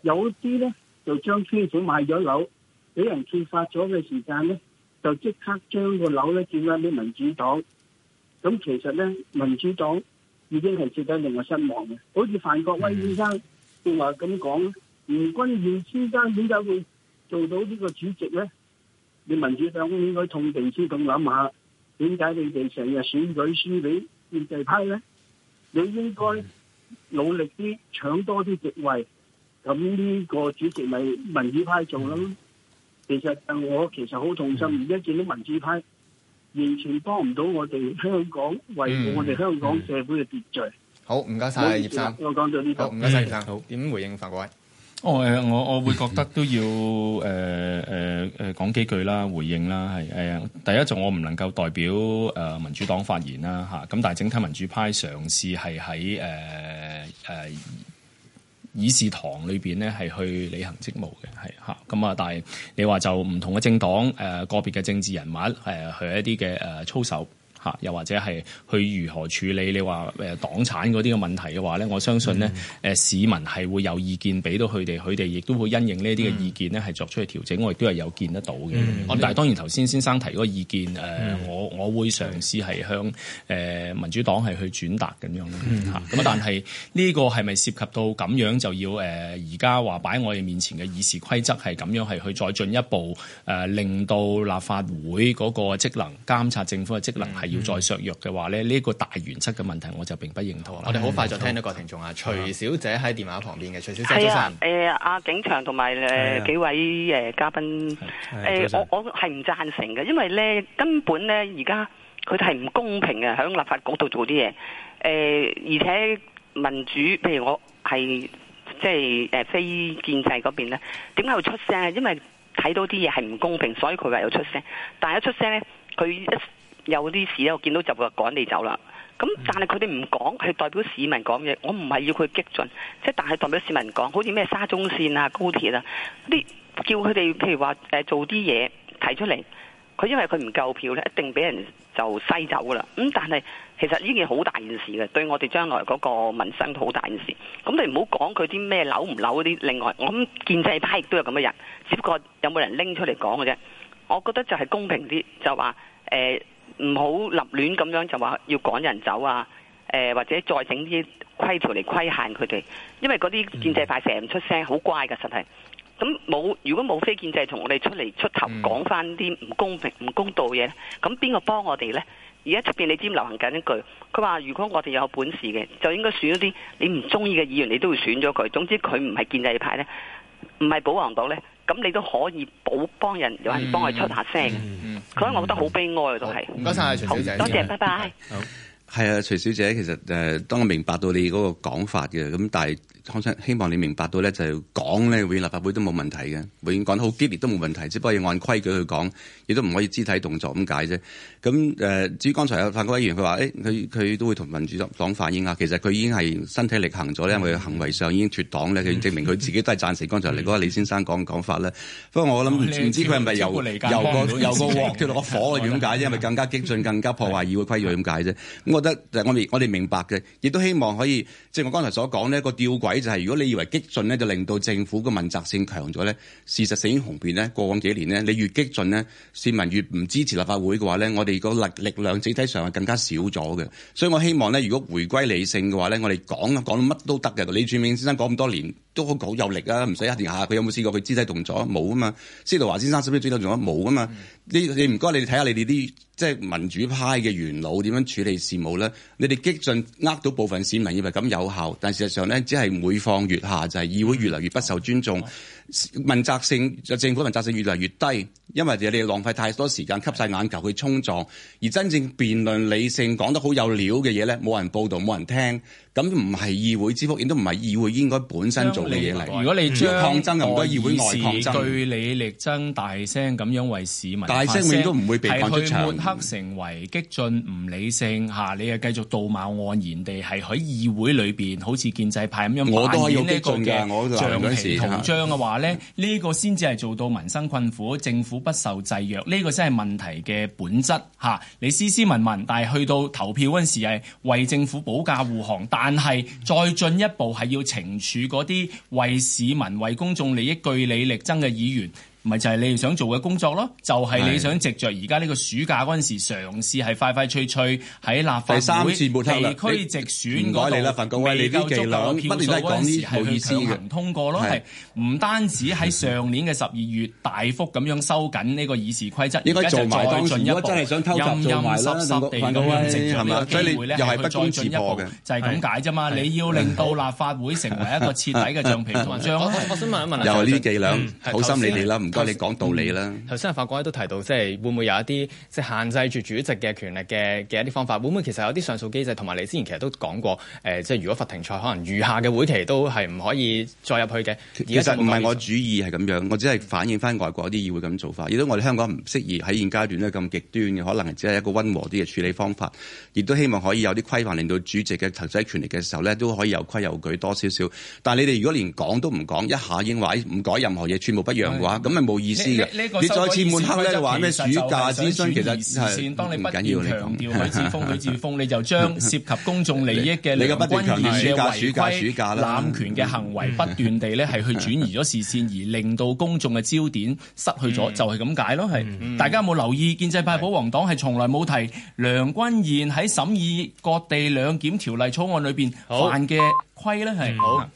有啲咧就將捐款買咗樓，俾人揭發咗嘅時間咧。就即刻將個樓咧轉翻俾民主黨，咁其實咧民主黨已經係徹底令我失望嘅。好似范國威先生話咁講，吳君燕先生點解會做到呢個主席咧？你民主黨應該痛定思痛諗下，點解你哋成日選舉輸俾建制派咧？你應該努力啲搶多啲席位，咁呢個主席咪民主派做啦。其實我其實好痛心，而家見到民主派完全幫唔到我哋香港，維護我哋香港社會嘅秩序。好、嗯，唔該晒葉生。我講咗呢度，唔該晒葉生。好，點回應范國威？哦誒、呃，我我會覺得都要誒誒誒講幾句啦，回應啦，係誒、呃、第一，就我唔能夠代表誒、呃、民主黨發言啦吓。咁、啊、但係整體民主派嘗試係喺誒誒。呃呃議事堂裏邊咧係去履行職務嘅，係嚇咁啊！但係你話就唔同嘅政黨誒、呃、個別嘅政治人物誒、呃、去一啲嘅誒操守。嚇，又或者係去如何處理你話誒黨產嗰啲嘅問題嘅話咧，我相信咧誒、嗯、市民係會有意見俾到佢哋，佢哋亦都會因應呢一啲嘅意見咧係作出去調整，嗯、我亦都係有見得到嘅。我、嗯、但係當然頭先先生提嗰個意見誒，嗯、我我會嘗試係向誒、呃、民主黨係去轉達咁樣嘅咁、嗯、啊，但係呢、呢個係咪涉及到咁樣就要誒而家話擺我哋面前嘅議事規則係咁樣係去再進一步誒、呃、令到立法會嗰個職能監察政府嘅職能係，要再削弱嘅話咧，呢、呢個大原則嘅問題我就並不認同。我哋好快就聽到個聽眾啊，徐小姐喺電話旁邊嘅，徐小姐早晨。誒阿景祥同埋誒幾位、呃、嘉賓，誒、啊呃、我我係唔贊成嘅，因為咧根本咧而家佢係唔公平嘅，喺立法局度做啲嘢。誒、呃、而且民主譬如我係即係、呃、非建制嗰邊咧，點解會出聲啊？因為睇到啲嘢係唔公平，所以佢話有出聲。但係一出聲咧，佢一有啲事咧，我見到就會趕你走啦。咁但係佢哋唔講，係代表市民講嘢。我唔係要佢激進，即係但係代表市民講，好似咩沙中線啊、高鐵啊啲，叫佢哋譬如話誒做啲嘢提出嚟。佢因為佢唔夠票咧，一定俾人就篩走噶啦。咁但係其實呢件好大件事嘅，對我哋將來嗰個民生都好大件事。咁你唔好講佢啲咩扭唔扭嗰啲。留留另外，我諗建制派亦都有咁嘅人，只不過有冇人拎出嚟講嘅啫。我覺得就係公平啲，就話誒唔好立亂咁樣就話要趕人走啊，呃，或者再整啲規條嚟規限佢哋，因為嗰啲建制派成日唔出聲，好乖㗎實係。咁冇如果冇非建制同我哋出嚟出頭講翻啲唔公平、唔公道嘅嘢，咁邊個幫我哋呢？而家出面你知流行緊一句，佢話如果我哋有本事嘅，就應該選一啲你唔中意嘅議員，你都會選咗佢。總之佢唔係建制派呢，唔係保皇黨呢。咁你都可以保幫人，有人幫佢出下聲。嗯，嗯嗯，所以我覺得好悲哀啊，好都係是。唔該晒，徐小姐。好，多謝，拜拜。好，係啊，徐小姐，其實誒，當我明白到你嗰個講法嘅，咁但係。希望你明白到咧，就係講咧，永遠立法會都冇問題嘅，永遠講得好激烈都冇問題，只不過要按規矩去講，亦都唔可以肢體動作咁解啫。咁誒，至於剛才范國威議員佢話，誒佢佢都會同民主黨反映啊。其實佢已經係身體力行咗咧，因為行為上已經脱黨咧，佢證明佢自己都係贊成剛才嚟嗰個李先生講講法咧。不過我諗唔知佢係咪又又個又個鑊跳落個火啊？點解？因為更加激進、更加破壞議會規矩點解啫？我覺得我我哋明白嘅，亦都希望可以，即係我剛才所講呢，個吊詭。就係如果你以為激進咧，就令到政府嘅問責性強咗咧，事實性已經雄辯咧。過往幾年咧，你越激進咧，市民越唔支持立法會嘅話咧，我哋個力力量整體上係更加少咗嘅。所以我希望咧，如果回歸理性嘅話咧，我哋講呀，講到乜都得嘅。李柱銘先生講咁多年都好有力啊，唔使一定吓佢有冇試過佢肢體動作冇啊、嗯、嘛。司徒華先生使唔使肢體動作冇啊嘛。嗯你看看你唔該，你睇下你哋啲即係民主派嘅元老點樣處理事務咧？你哋激進呃到部分市民以為咁有效，但事實上咧，只係每況愈下，就係、是、議會越嚟越不受尊重。嗯問責性，就政府問責性越嚟越低，因為你哋浪費太多時間吸晒眼球去衝撞，而真正辯論理性講得好有料嘅嘢咧，冇人報道，冇人聽，咁唔係議會之福，亦都唔係議會應該本身做嘅嘢嚟。如果你將抗爭又唔該議會內抗爭，據理力爭大聲咁樣為市民聲大聲，都唔會被判出場抹黑成為激進唔理性嚇，你又繼續道貌岸然地係喺議會裏邊，好似建制派咁樣玩呢一個橡皮圖章嘅話。呢個先至係做到民生困苦，政府不受制約。呢、這個先係問題嘅本質嚇。你斯斯文文，但係去到投票嗰陣時係為政府保駕護航，但係再進一步係要懲處嗰啲為市民、為公眾利益據理力爭嘅議員。唔係就係你哋想做嘅工作咯，就係你想藉着而家呢個暑假嗰陣時，嘗試係快快脆脆喺立法會地區直選嗰度未夠足量，不斷都係講呢啲冇意思嘅。唔單止喺上年嘅十二月大幅咁樣收緊呢個議事規則，而家再進一步陰陰濕濕地咁樣成住呢個機會咧，又係再進一步嘅，就係咁解啫嘛。你要令到立法會成為一個徹底嘅橡皮圖章。我我先問一問啦，又係呢啲伎倆，好心你哋啦。唔該，你講道理啦。頭先阿范國都提到，即係會唔會有一啲即係限制住主席嘅權力嘅嘅一啲方法？會唔會其實有啲上訴機制？同埋你之前其實都講過，誒、呃，即係如果罰停賽，可能餘下嘅會期都係唔可以再入去嘅。其實唔係我主意係咁樣，我只係反映翻外國一啲議會咁做法。亦都我哋香港唔適宜喺現階段呢咁極端嘅，可能只係一個溫和啲嘅處理方法。亦都希望可以有啲規範，令到主席嘅投掣權力嘅時候呢都可以有規有矩多少少。但係你哋如果連講都唔講，一下應話唔改任何嘢，寸步不讓嘅話，咁的冇意思嘅，你，你，你再次萬刻就話咩？暑假之爭其實係你，你不斷強調佢自，自 你就將涉及公眾利益嘅、嘅 違規，濫權嘅行為不斷地咧係去轉移咗視線，而令到公眾嘅焦點失去咗， 就係咁解咯。係 大家有冇留意建制派保皇黨係從來冇提梁君彥喺審議各地兩檢條例草案裏邊犯嘅規咧？係好。